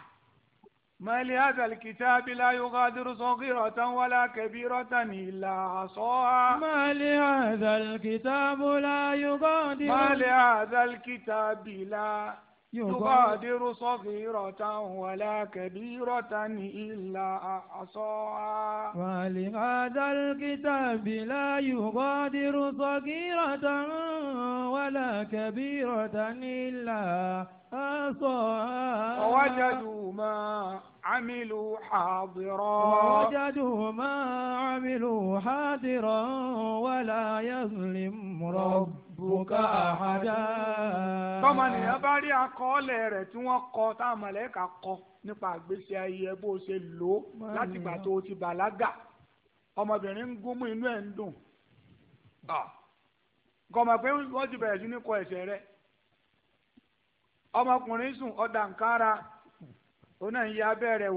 mali hadal kitabi la yughadiru saghiratan wala kabiratan illa ahsaha. mali hadal kitabu la yughadiru. mali hadal kitabi la. يغادر صغيرة ولا كبيرة إلا أحصاها ولهذا الكتاب لا يغادر صغيرة ولا كبيرة إلا أحصاها ووجدوا ما عملوا حاضرا ووجدوا ما عملوا حاضرا ولا يظلم ربك buka àhàdá. tọ́mọ nìyẹn bá rí àkọọ́lẹ̀ rẹ̀ tí wọ́n kọ táwọn mọ̀lẹ́kà kọ nípa àgbésí ayé bó o ṣe lò ó láti o ti bàlágà ọmọbìnrin ń gúnmú inú ẹ̀ ń dùn gọmọ pé wọ́n ti bẹ̀rẹ̀ sí ní kọ ẹ̀sẹ̀ ọmọkùnrin sùn ọ̀dà ó náà ń ya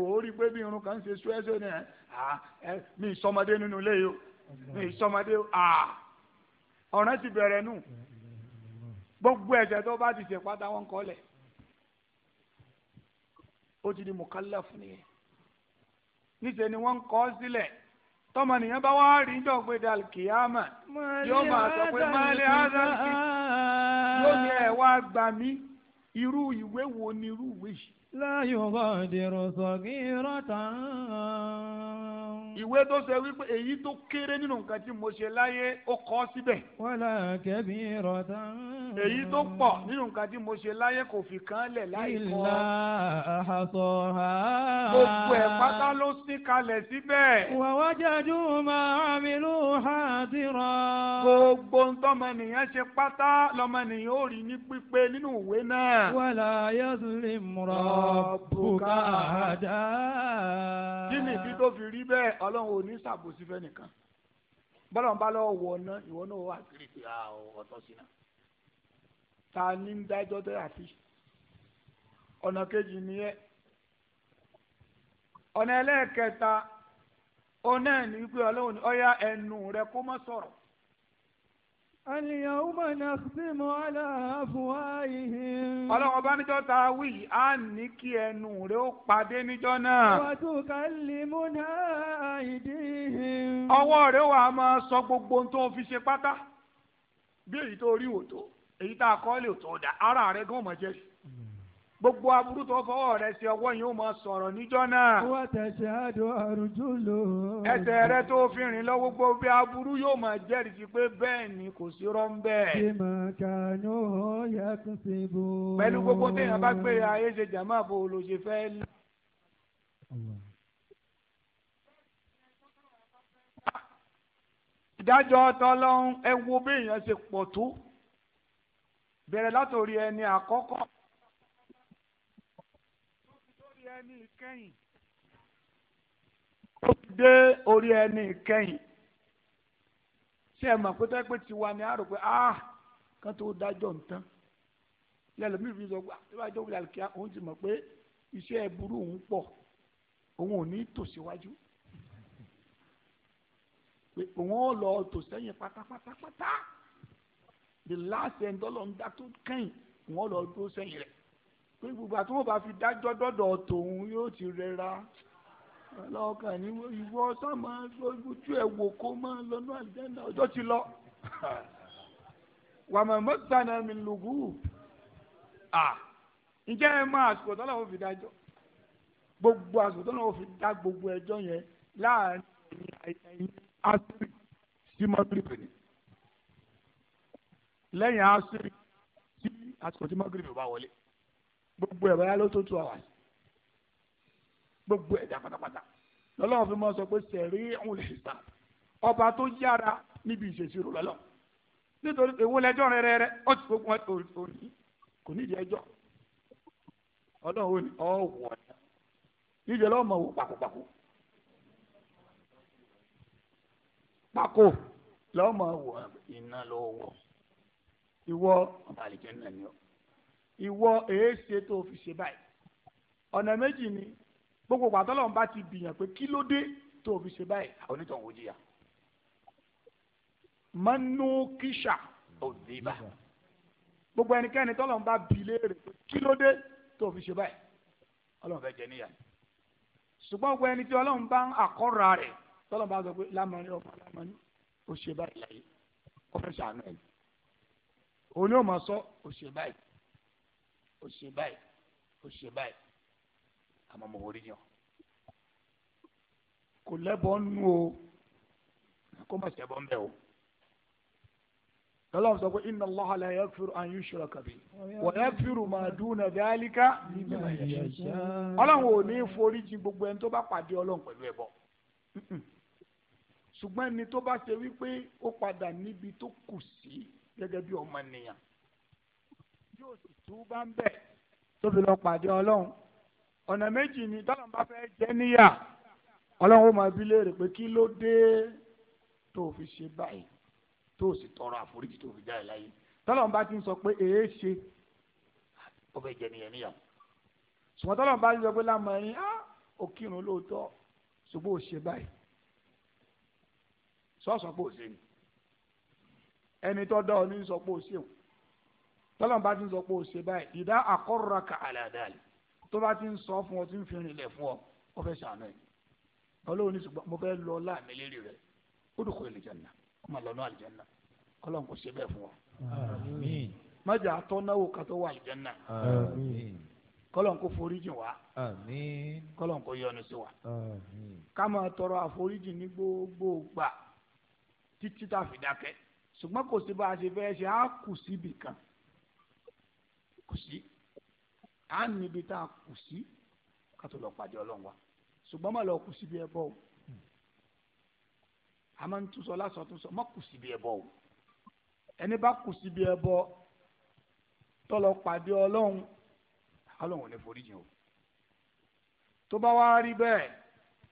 wò ó rí pé bí irun kan ṣe mi ìsọmọdé nínú ilé mi ìsọmọdé ah. ọ̀ràn ti bẹ̀rẹ̀ nù gbogbo ẹ̀sẹ̀ tó bá ti ṣe pátá wọn kọ́ ó ti di fún ni wọ́n kọ́ sílẹ̀ tọmọnìyàn bá wá rí jọ pé dàlkìyàmà yóò máa sọ pé máàlẹ́ àdàlkì yóò ẹ̀ wá gbà mí irú ìwé wo ni irú ìwé yìí. láyò bá dèrò rọ̀tàn. ìwé tó ṣe wípé èyí tó kéré nínú nǹkan tí mo ṣe láyé ó kọ síbẹ̀. wọ́lá kẹ́bí rọ̀tà. èyí tó pọ̀ nínú nǹkan tí mo ṣe láyé kò fi kan lẹ̀ láì kọ́. ìlà àhàsọ̀ ha. gbogbo ẹ̀ pátá ló sí kalẹ̀ síbẹ̀. wàwá jájú máa mi ló ha ti rọ. gbogbo ntọ́mọnìyàn ṣe pátá lọ́mọnìyàn ó rí ní pípé nínú ìwé náà. wàlá yẹ́sùlẹ̀ mọ̀rọ̀ bùkà àdá. kí ni ibi tó fi rí bẹ́ẹ̀ ọlọ́run ò ní ṣàbòsí fẹ́ nìkan bọ́lọ̀n bá lọ́wọ́ wọ ná ìwọ náà wà kiri pé ọ̀tọ̀ sí náà ta ní ń dájọ́ tẹ́ àti ọ̀nà kejì nìyẹn ọ̀nà ẹlẹ́ẹ̀kẹta ọ̀nà ẹ̀ ní wípé ọlọ́run ọ̀yà ẹnu rẹ kó má sọ̀rọ̀ Àlìyàwó náà sí mọ́ aláàfúwá ìhìn. Ọlọ́run bá níjọ́ ta wí, a ní kí ẹnu rẹ ó pàdé níjọ́ náà. Ọwọ́ rẹ̀ wà á máa sọ gbogbo ohun tó fi ṣe pátá. Bí èyí tó rí òótọ́, èyí tá ara gan mọ̀ gbogbo aburú tó fọwọ́ rẹ sí ọwọ́ yìí ó máa sọ̀rọ̀ níjọ́ náà. wọ́n tẹ̀sẹ̀ àdó àrùjù lò. ẹsẹ̀ rẹ tó fi rìn lọ gbogbo bí aburú yóò máa jẹ́rìí pé bẹ́ẹ̀ ni kò sí rọ́ ń bẹ́ẹ̀. ṣé màá kà ní ọ̀hún yà kó ṣe bò. pẹ̀lú gbogbo téèyàn bá gbé ayé ṣe jàmáà bò ló ṣe fẹ́ lé. ìdájọ́ tọ́lọ́hún ẹ wo bí èèyàn ṣe pọ̀ tó bẹ̀rẹ̀ látòrí ẹni àkọ́kọ́ ẹni ìkẹyìn ó ti dé orí ẹni ìkẹyìn ṣé ẹ mọ̀ pé tẹ́ pé tiwa ni a rò pé ah kan tó dájọ́ nǹkan lẹ́nu mi fi sọ pé ìwájú òwúlẹ̀ àlùkìyà òun ti mọ̀ pé iṣẹ́ ẹ̀bùrú òun pọ̀ òun ò ní tòṣíwájú pé òun ò lọ tòṣẹ́yìn pátápátápátá the last end ọlọ́run dá tó kẹ́yìn òun ò lọ tó sẹ́yìn rẹ̀ pé gbogbo àti wọn bá fi dájọ́ dọ́dọ̀ tòun yóò ti rẹra ọlọ́ọ̀kan ní ìwọ ọ̀sán ojú ẹ̀ wò kó máa lọ́nà àlùjáde ọjọ́ ti lọ. wàmọ̀ mọ́tàn mi lùgù ǹjẹ́ ẹ máa àsìkò tó lọ́wọ́ fi dájọ́ gbogbo àsìkò tó lọ́wọ́ fi dá gbogbo ẹjọ́ yẹn láàrin ẹ̀yìn asiri sí mọ́gìrìbì ni lẹ́yìn asiri sí àsìkò tí mọ́gìrìbì bá wọlé gbogbo ẹ̀ báyà ló tó two hours gbogbo ẹ̀dá pátápátá lọ́lọ́run fi máa sọ pé sẹ̀rí òun lè ta ọba tó yára níbi ìṣèṣirò lọ́lọ́ nítorí èwo lẹ́jọ́ rẹ̀ rẹ̀ ó ti gbogbo ẹ̀ òní kò nídìí ẹjọ́ ọlọ́run ò ní ọ̀wọ̀ ẹ̀ níjẹ́ lọ́wọ́ mọ̀ wò pàkópàkó pàkó lọ́wọ́ mọ̀ wò iná lọ́wọ́ ìwọ ọba àlìjẹ́ náà ni ọ́ ìwọ èéṣe tó fi ṣe báyìí ọ̀nà méjì ni gbogbo pàtọ́lọ̀ ń bá ti bìyàn pé kí ló dé tó fi ṣe báyìí onítàn wò jìyà mọ́nú kíṣà òdìbà gbogbo ẹnikẹ́ni tọ́lọ̀ ń bá bi léèrè pé kí ló dé tó fi ṣe báyìí ọlọ́run fẹ́ jẹ níyà ṣùgbọ́n gbogbo ẹni tí ọlọ́run bá ń àkọ́ra rẹ̀ tọ́lọ̀ bá sọ pé lámọ́ni ọmọ lámọ́ni ó ṣe báyìí láyé ó ṣàánú ẹ̀ òun ni ó sọ ó ṣe báyìí ó ṣe báyìí ó ṣe báyìí àmọ́ mo yàn kò lẹ́bọ̀ o kó má ṣẹ̀bọ̀ mbẹ́ o. Lọ́lọ́run sọ pé ala ya an yushraka bihi wa ma duna dhalika alika Ọlọ́run ò ní foríjì gbogbo ẹni tó bá pàdé Ọlọ́run pẹ̀lú ẹbọ. Ṣùgbọ́n ẹni tó bá ṣe wípé ó padà níbi tó kù sí gẹ́gẹ́ bí ọmọ nìyàn tí ó sì tú bá ń bẹ̀ tó lọ pàdé ọlọ́run ọ̀nà méjì ni tọ́lọ́n bá fẹ́ jẹ́ níyà ọlọ́run ó máa bi léèrè pé kí ló dé tó fi ṣe báyìí tó sì tọrọ àforíjì tó fi jáde láyé tọ́lọ́n bá ti ń sọ pé èé ṣe ó fẹ́ jẹ́ níyà níyà ṣùgbọ́n tọ́lọ́n bá ti sọ pé lámọ̀rin á òkìrun lóòótọ́ ṣùgbọ́n ò ṣe báyìí sọ́ọ̀sọ́ pé ò ṣe ni ẹni tó dá ọ ní sọ pé ò ṣe òun tọ́lọ́n bá ti ń sọ pé o ṣe báyìí ìdá àkọ́rọ̀ra kà àlàdàlì tó bá ti ń sọ fún ọ tí ń fi rìnlẹ̀ fún ọ ó fẹ́ ṣàánú ẹ̀ ọlọ́run ní ṣùgbọ́n mo fẹ́ lọ láàmì lérí rẹ̀ ó dùn kó àlìjánná ó máa lọ́nà àlìjánná ọlọ́run kò ṣe bẹ́ẹ̀ fún ọ. májà àtọ́ náwó ká tó wà àlìjánná kọ́lọ́n kó foríjì wá kọ́lọ́n kó yọ́nú sí wa ká máa tọrọ àforíjì ní gbogbo gbà kù sí à ń níbi tá a kù sí ká tó lọ pàdé ọlọ́run wa ṣùgbọ́n má lọ kù síbi ẹbọ o a máa ń túnṣọ lásán túnṣọ má kù síbi ẹbọ o ẹni bá kù síbi ẹbọ tó lọ pàdé ọlọ́run ọlọ́run ò ní foríjì o tó bá wá rí bẹ́ẹ̀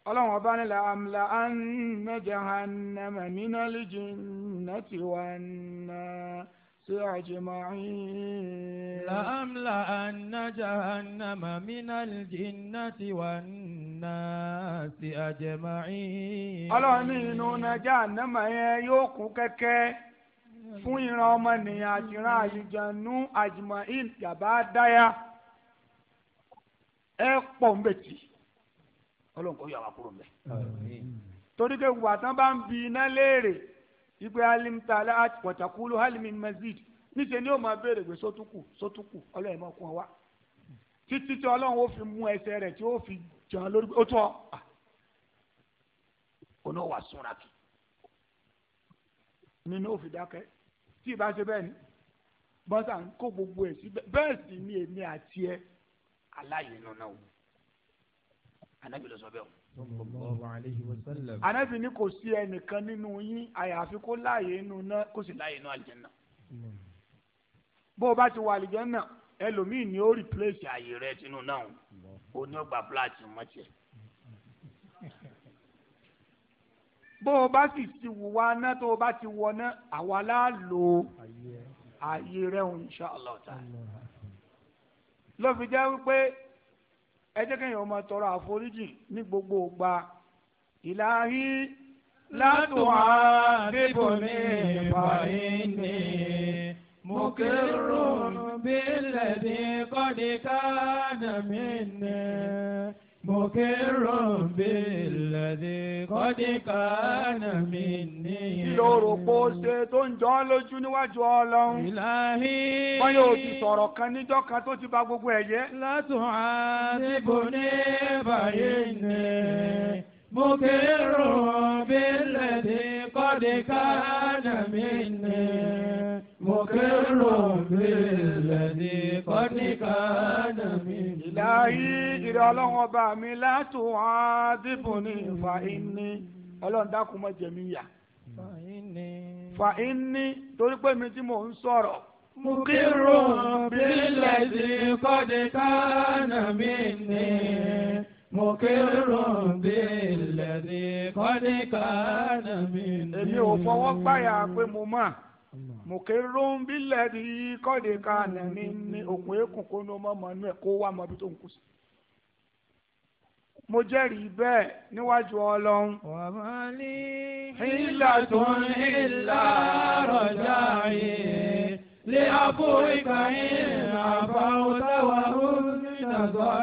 ọlọ́run ọba nílẹ̀ amla anna jahannama minal jinnati wan nar. الناس أجمعين لأملأن جهنم من الجنة والناس أجمعين ọlọ́run ní inú jahannama yẹn yóò kún kẹ́kẹ́ fún ìran ọmọnìyàn àti ìran àlùjànnú àjùmọ̀ín yàbá dáyà ẹ pọ̀ ìgbé alimtala àti pọ̀tàkùlù halimin mazid níṣẹ́ ni ó máa béèrè pé sótúkù sótúkù ọlọ́run máa kún ọ wá títí tí ọlọ́run ó fi mú ẹsẹ̀ rẹ̀ tí ó fi jàn lórí ó tún ọ ah. wà súnra kì nínú ó fi tí ì bá ṣe bẹ́ẹ̀ ni bọ́sà ń kó gbogbo ẹ̀ síbẹ̀ bẹ́ẹ̀ sì ni èmi àti ẹ aláìnínú náà o ànábì sọ bẹ́ẹ̀ o sallallahu alayhi wa sallam. anábì ní kò sí ẹnìkan nínú yín àyàfi kó láàyè inú náà kó sì láàyè inú àlìjẹ́nà. bó o bá ti wà àlìjẹ́nà ẹlòmíì ni ó rìpléṣì àyè rẹ tinú náà ò ní ọgbà píláàtì mọ́tì ẹ̀ bó o bá sì ti wù wá ná tó o bá ti wọ ná àwa la lò ààyè rẹ ń insha Allah ta'ala jẹ́ wípé ẹ jẹ́ kéèyàn ó máa tọrọ àforíjì ní gbogbo ìgbà ìlàhí látùwà bíbò ní ìfàyínì mùkírùn bílẹ̀ ní kọ́ni káàdà mí ní mọ̀kẹ́rọ̀ bẹ́ẹ̀lẹ́dẹ́ kọ́díkàánà mi ní ìlú. kí ló rò pé ó ṣe tó ń jọ ọ́ lójú níwájú ọlọ́run. ìlàhí. wọ́n yóò ti sọ̀rọ̀ kan níjọ́ kan tó ti bà gbogbo ẹ̀ jẹ́. látùn á síbò ní bàyè ní. mọ̀kẹ́rọ̀ bẹ́ẹ̀lẹ́dẹ́ kọ́díkàánà mi ní. مقر بالذي قد كان من إلهي إلى الله بامي لا ọlọ́run dákun mọ́ jẹ̀mí fa torí pé mi tí mò ń sọ̀rọ̀. mo kírò bílẹ̀ sí kọ́dé kánà mi ni. mo kírò bílẹ̀ sí kọ́dé kánà mi èmi ò fọwọ́ pé mo máa. mùkérún bílẹ̀ ti kọ́de kan ní ní òkun eékùn kó ní ọmọ mọ̀nú ẹ̀ kó wá mọ ibi tó ń kú sí. mo jẹ́rìí bẹ́ẹ̀ níwájú ọlọ́run. wàá ní ìlà tó ń ìlà rọ̀jà yìí lé àpò ìkàyìn àbáwọ̀ táwa ó ń dàgbọ́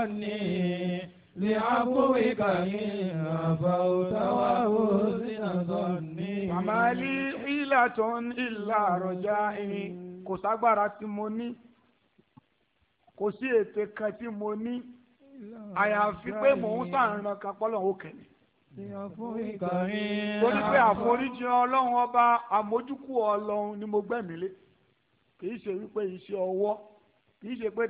لعفوك إن عفوت وحسن ظني وما لي حيلة إلا رجائي kò ságbára tí mo ní kò sí ètò kan tí mo ní àyàfi pé mò ń sàrànà ka òkè ni. àforíjì ọlọ́run ọba àmójúkú ọlọ́run ni mo kì í ṣe wípé iṣẹ́ ọwọ́ kì í ṣe pé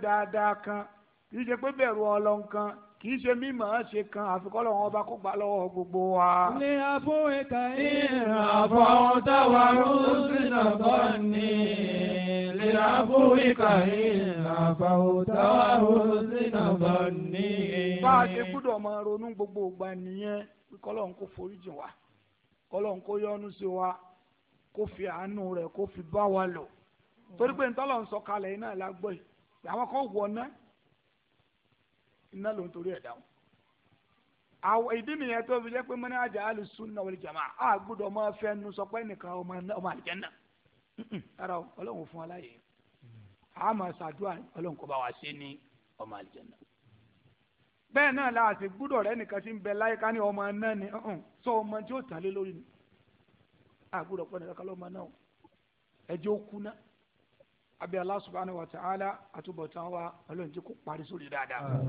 kì í ṣe pé bẹ̀rù ọlọ́nkan kì í ṣe mímọ̀ ẹ́ ṣe kan àfikọ́lọ̀ wọn bá kó gbà lọ́wọ́ gbogbo wa. ní abó ìka ìrìn àbọ̀ táwa rúṣìnà bọ̀ ni ní abó ìka ìrìn àbọ̀ táwa rúṣìnà bọ̀ ni. bá a ṣe gbúdọ̀ máa ronú gbogbo ìgbà nìyẹn kọ́lọ̀ ń kó foríjì wa kọ́lọ̀ ń kó yọ́nú sí wa kó fi àánú rẹ̀ kó fi bá wa lò torí pé ntọ́lọ̀ ń sọ kalẹ̀ iná ẹ̀ lágbọ́ yìí àwọn kan wọ̀ náà iná ló ń torí ẹ̀ dáhùn. àwọn ìdí nìyẹn tó fi jẹ́ pé mọ́ni àjà alùsùn náà wọlé jàmá a gbọ́dọ̀ máa fẹ́ nu sọ nìkan ọmọ àlìjẹ́nà ara ọlọ́run fún aláyè a máa ṣàdúrà ọlọ́run kó bá wa ṣe ní ọmọ àlìjẹ́nà. bẹ́ẹ̀ náà la àti rẹ nìkan ti ń bẹ láyé ká ní ọmọ náà ni sọ ọmọ tí ó lé lórí ni a abi Allah subhanahu wa ta'ala àtúbọ̀tán wa ọlọ́run tí kò parí sórí dáadáa.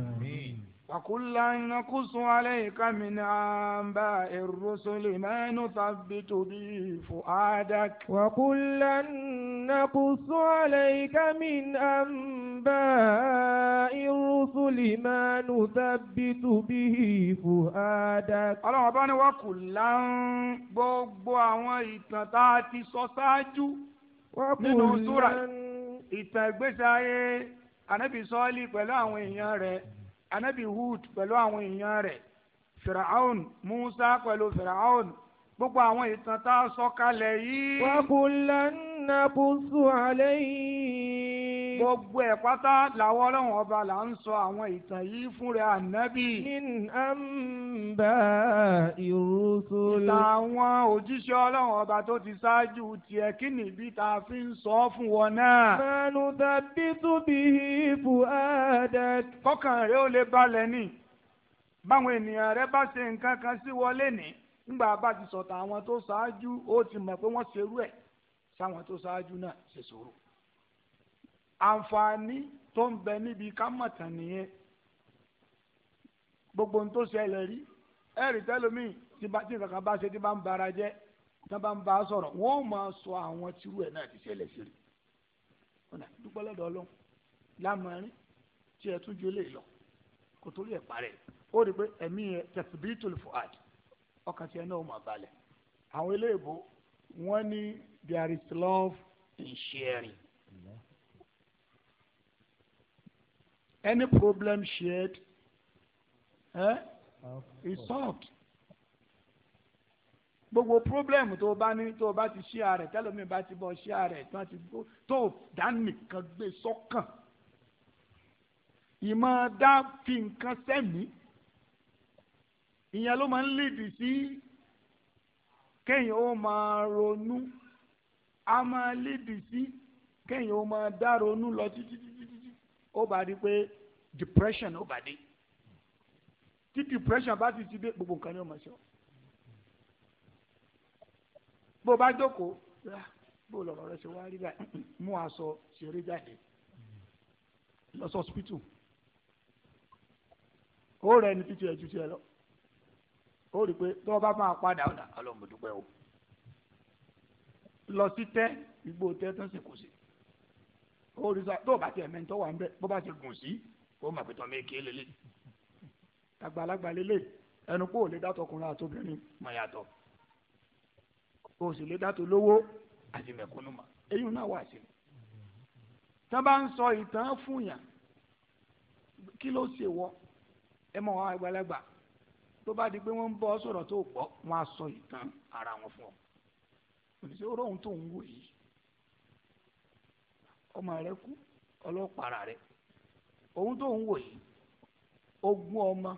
wa kullan naqussu alayka min anba'i rusuli ma nuthabbitu bihi fu'adak. wa kullan naqussu alayka min anba'i rusuli ma nuthabbitu bihi fu'adak. ọlọ́run bá ní wa kullan gbogbo àwọn ìtàn tá a ti sọ ṣáájú nínú súra ìtàn ìgbésí ayé anabi sọ́ọ́lì pẹ̀lú àwọn èèyàn rẹ̀ anabi hud pẹ̀lú àwọn èèyàn rẹ̀ firaun musa pẹ̀lú firaun gbogbo àwọn ìtàn tá a sọ kalẹ̀ yìí. wàá kú lẹ́nu. نقص عليه gbogbo ẹ̀ pátá làwọn ọlọ́run ọba là ń sọ àwọn ìtàn yìí fúnra ànábì. min amba irrusul. ìtàn àwọn òjíṣẹ́ ọlọ́run ọba tó ti ṣáájú tiẹ̀ kí nìbí ta fi ń sọ fún wọn náà. mẹ́nu tàbí tóbi fuadak. kọ́kàn rẹ ó lè balẹ̀ ni báwọn ènìyàn rẹ bá ṣe nǹkan kan sí wọlé ní nígbà bá ti sọ̀tà àwọn tó ṣáájú ó ti mọ̀ pé wọ́n ṣerú ẹ̀ sáwọn tó ṣáájú náà ṣe sòrò àǹfààní tó ń bẹ níbi ká mọ̀tàn nìyẹn gbogbo ohun tó ṣẹlẹ̀ rí ẹ̀rí tẹ́lómi tí kankan bá ṣe tí bá ń bara jẹ́ tí bá ń bá a sọ̀rọ̀ wọ́n ó máa sọ àwọn tírú ẹ̀ náà ti ṣẹlẹ̀ sí rí ọ̀nà dúpẹ́ lọ́dọ̀ ọlọ́run lámọ̀rin tí ẹ tún ju eléyìí lọ kò torí ẹ̀ parẹ́ ó rí i pé ẹ̀mí ẹ tẹ̀síbítùl fúad ọkàn tiẹ̀ náà ó máa balẹ̀ àwọn eléèbó wọ́n ní there is love in sharing. Any problem shared eh, is solved. Gbogbo problem tó o bá ní tó o bá ti share rẹ̀ tẹ́lómi bá ti bọ̀ share rẹ̀ tó o ti gbó tó o dánìkan gbé sọ́kàn. Ìmọ̀ dá fi nǹkan sẹ́mi. Ìyẹn ló máa ń lèdì sí kéèyàn ó máa ronú a máa lébi sí kéèyàn ó máa dá ronú lọ títí títí títí ó bá rí pé depression ó bá dé tí depression bá ti ti dé gbogbo nǹkan ni ó máa ṣe ọ bó bá jókòó ah, bó lọ̀rọ̀ rẹ ṣe wá rí báyìí mú aṣọ ṣeré jáde lọ sí hospital ó rẹ ní títí ẹ ju tiẹ lọ ó rí i pé tó o bá máa padà ọ̀dà ọlọ́mọdúpẹ́ o lọ sí tẹ́ igbó tẹ́ tó ń sìn kò sí ó rí sọ tó o bá tiẹ̀ mẹ́ńtọ́ wà ń bẹ́ bó bá ti gùn sí kó o mà pé tọ́mọ èké lélẹ̀ àgbàlagbà lélẹ̀ ẹnu kó o lè dátọ̀ ọkùnrin àtobìnrin mọ̀ yàtọ̀ kó o sì lè dátọ̀ lówó àti mẹ̀kúnnù mọ̀ èyí náà wà sí i tí bá ń sọ ìtàn fún yàn kí ló ṣe wọ́ ẹ mọ̀ àgbàlagbà tó bá di pé wọ́n ń bọ́ sọ̀rọ̀ tó gbọ́ wọ́n á sọ ìtàn ara wọn fún ọ òṣìṣẹ́ ó rọ̀hún tó ń wò yìí ọmọ rẹ kú ọlọ́pàá rẹ òun tó ń wò yìí ogún ọmọ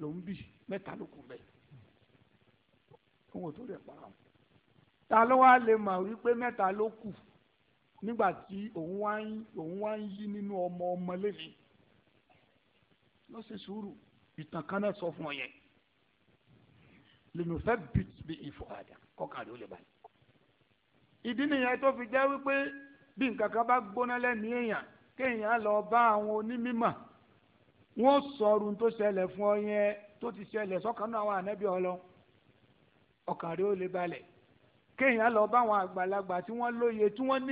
ló ń bì mẹ́ta ló kù bẹ́ẹ̀ òun ò tó rẹ̀ para wọn. ta ló wá lè mọ̀ wípé mẹ́ta ló kù nígbà tí òun wá ń òun wá ń yí nínú ọmọ ọmọ lẹ́yìn lọ́sẹ̀ sùúrù ìtàn kan náà sọ fún ọ yẹn lè nù fẹ́ bìtì bí ìfọ̀ àdá kọ́kànlélẹ́bàá ìdí nìyẹn tó fi jẹ́ wípé bí nǹkan kan bá gbóná lẹ́nu èèyàn kéèyàn lọ bá àwọn onímọ̀ wọ́n sọ̀rọ̀ tó ṣẹlẹ̀ fún ọ tó ti ṣẹlẹ̀ sọ́kàn àwọn ọkàn ó lè balẹ̀ lọ bá àwọn àgbàlagbà tí wọ́n lóye tí wọ́n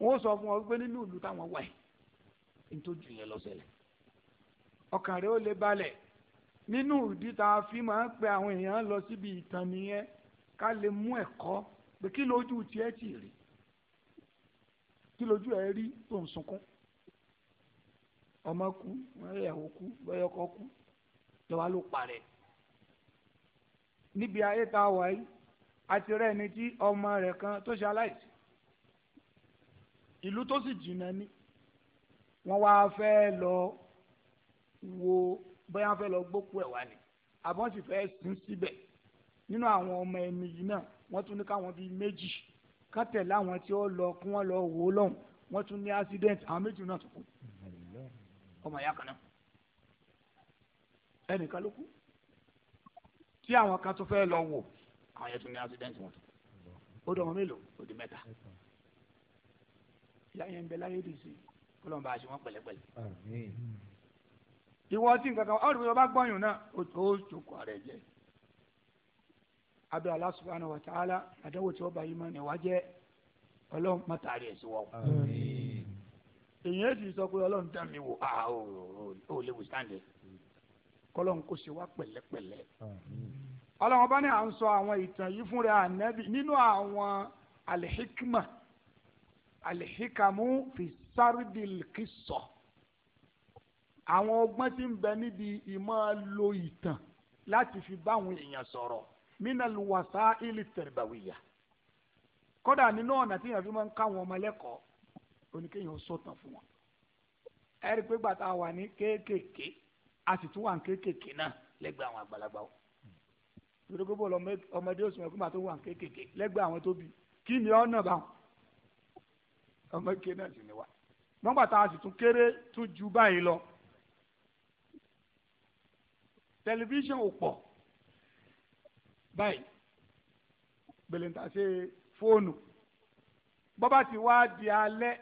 wọ́n sọ fún ọ nínú ìlú táwọn wà yìí lọ ṣẹlẹ̀ ọkàn ó lè balẹ̀ nínú ìdí tá a fi máa ń pe àwọn èèyàn lọ síbi ìtàn nìyẹn ká lè mú pé kí lójú tiẹ̀ tì rí kí lójú ẹ rí tó ń sunkún ọmọ kú ìyàwó kú bọ́yọ̀kọ́ kú ìjọba ló parẹ́ níbi ayé tá a wà yìí àti rẹ ni tí ọmọ rẹ̀ kan tó ṣe aláìsí ìlú tó sì jìnnà ni wọ́n wá fẹ́ lọ wo bóyá wọ́n fẹ́ lọ gbókú ẹ̀ wá ni àbọ̀n sì fẹ́ sin síbẹ̀ nínú àwọn ọmọ ẹni yìí náà wọ́n tún ní káwọn bíi méjì kán tẹ̀lé àwọn tí ó lọ kí wọ́n lọ wò ó lọ́hùn wọ́n tún ní accident àwọn méjì náà tó kù ọmọ ìyá kan náà ẹnìkan ló kú tí àwọn kan tó fẹ́ lọ wò àwọn yẹn tún ní accident wọn ó dọ̀wọ́n mélòó ó di mẹ́ta ìyá yẹn ń bẹ láyé dì sí kó lọ́n bá a ṣe wọ́n pẹ̀lẹ́pẹ̀lẹ́ ìwọ tí nǹkan kan ọ̀rùn mi bá gbọ́yùn náà ó tó jókòó rẹ̀ jẹ́ abẹ́ Allah subhanahu wa ta'ala àdánwò tí wọ́n bá yí mọ́ ni wá jẹ́ ọlọ́run má tààrí ẹ̀ sí wọ́n. èèyàn ti sọ pé ọlọ́run dá mi wò áà ah, ó lè wù sáǹdẹ̀ kọ́lọ́run kò ṣe wá pẹ̀lẹ́pẹ̀lẹ́. ọlọ́run bá ní à ń sọ àwọn ìtàn yìí fúnra ànábì nínú àwọn alihikima alihikamu fi sárdìl kìsọ àwọn ọgbọ́n tí ń bẹ níbi ìmọ̀ lo ìtàn láti fi báwọn èèyàn sọ̀rọ̀ minal wasaili tarbawiya kódà nínú ọ̀nà tí yàrá fi máa ń ká wọn ọmọ lẹ́kọ̀ọ́ oníkéyàn sọ̀tàn fún wọn ẹ rí i pé gbàtà wà ní kéékèèké a sì tún wà ní kéékèèké náà lẹ́gbẹ̀ẹ́ àwọn àgbàlagbà o torí pé bọ́ọ̀lù ọmọdé oṣù mẹ́kúmà tó wà ní kéékèèké lẹ́gbẹ̀ẹ́ àwọn tóbi kí ni ọ̀nà bá wọn ọmọ ike náà sì ni wá nọ́mbà tá a sì tún kéré tún ju báyìí lọ tẹlifíṣàn ò pọ̀ báyìí gbèlèǹtà ṣe fóònù bọ́bá ti wá di alẹ́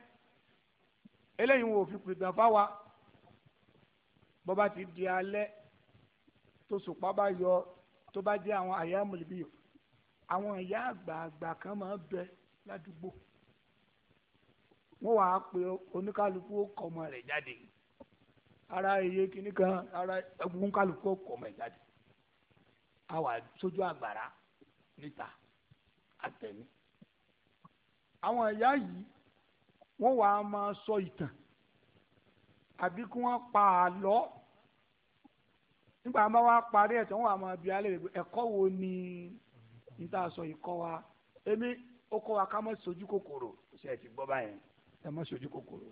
eléyìí wọn ò fi pè dàn fáwa bọ́bá ti di alẹ́ tó sùpá bá yọ tó bá jẹ́ àwọn àyà mọ̀lẹ́bíyò àwọn ìyá àgbààgbà kan máa bẹ ládùúgbò wọn wàá pe oníkálukú ọkọ ọmọ rẹ̀ jáde ara iye kìnnìkan ara oníkálukú ọkọ ọmọ rẹ̀ jáde Awa sójú àgbàrá níta àtẹ̀mí. àwọn ìyá yìí wọ́n wàá máa sọ ìtàn àbí kí wọ́n pa àlọ́ nígbà máa wá parí ẹ̀ tí wọ́n wà máa bí alẹ́ rẹ̀ ẹ̀kọ́ wo ni n ta sọ ìkọ́ wa èmi ó kọ́ wa ká má sojú kòkòrò ṣe é ti gbọ́ báyẹn ẹ má sojú kòkòrò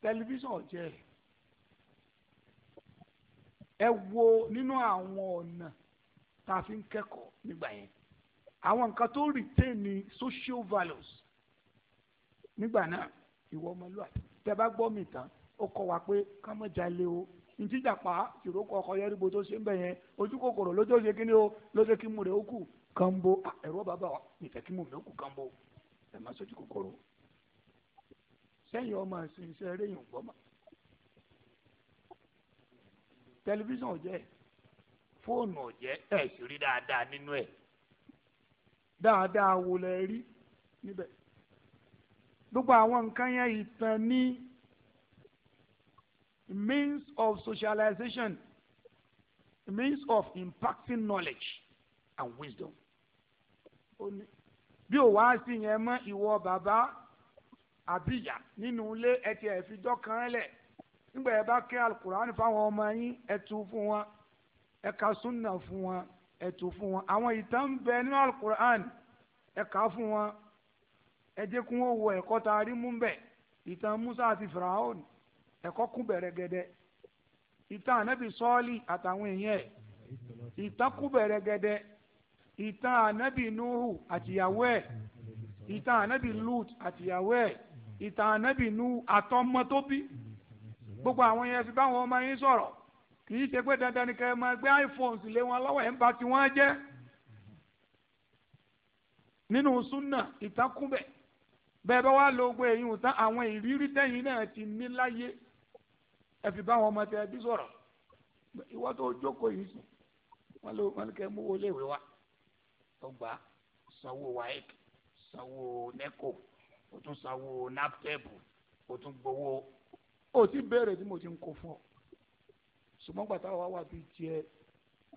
tẹlifíṣàn jẹ́ ẹ wo nínú àwọn ọ̀nà tá a fi ń kẹ́kọ̀ọ́ nígbà yẹn àwọn nǹkan tó retain ni social values nígbà náà ìwọ ọmọlúwàbí tẹ bá gbọ́ mi tán ó kọ́ wa pé o ọkọ yẹrìbó tó ṣe ń bẹ̀ yẹn ojú kòkòrò lójó ṣe kí ni o lójó kí ó kù kánbó ẹ̀rọ bàbá wa kí ó kù kánbó ẹ̀ fóònù ọ̀jẹ́ ẹ̀ sì rí dáadáa nínú ẹ̀ dáadáa wo lẹ rí níbẹ̀ gbogbo àwọn nǹkan yẹn ìtàn ní means of socialization means of impacting knowledge and wisdom bí o wá sí yẹn mọ́ ìwọ bàbá àbíyà nínú ilé ẹ ti ẹ fi dọkàn lẹ nígbà yẹn bá kí alukur'an fáwọn ọmọ yín ẹ tu fún wọn. e ka fún wọn ẹ fún wọn àwọn ìtàn bẹ nínú alukur'an ẹ fún wọn Musa àti Firaun ẹkọ kún bẹrẹ gẹdẹ ìtàn anabi sọ́ọ́lì àtàwọn èèyàn ẹ̀ ìtàn kún bẹ̀rẹ̀ Nuhu àtìyàwó ẹ̀ ìtàn anabi Lut àtìyàwó ẹ̀ ìtàn anabi nu gbogbo àwọn yẹn fi báwọn ọmọ kì í ṣe pé dandan ni kẹ́ ẹ máa gbé iPhones lé wọn lọ́wọ́ ẹ̀ ń ba tiwọn jẹ́ nínú súnà ìtakùnbẹ̀ bẹ́ẹ̀ bá wà lọ gbé eyín tán àwọn ìrírí tẹ̀yìn náà ti ní láyé ẹ fi bá àwọn ọmọ tẹ ẹbí sọ̀rọ̀ ìwọ tó jókòó yìí sùn wọn ló wọn kẹ mú wọlé ìwé wa ọgbà sanwó waec sanwó neco o tún sanwó naptep o tún gbowó o ti béèrè tí mo ti ń kó fún ọ ṣùgbọ́n gbàtà wa wà bíi tiẹ̀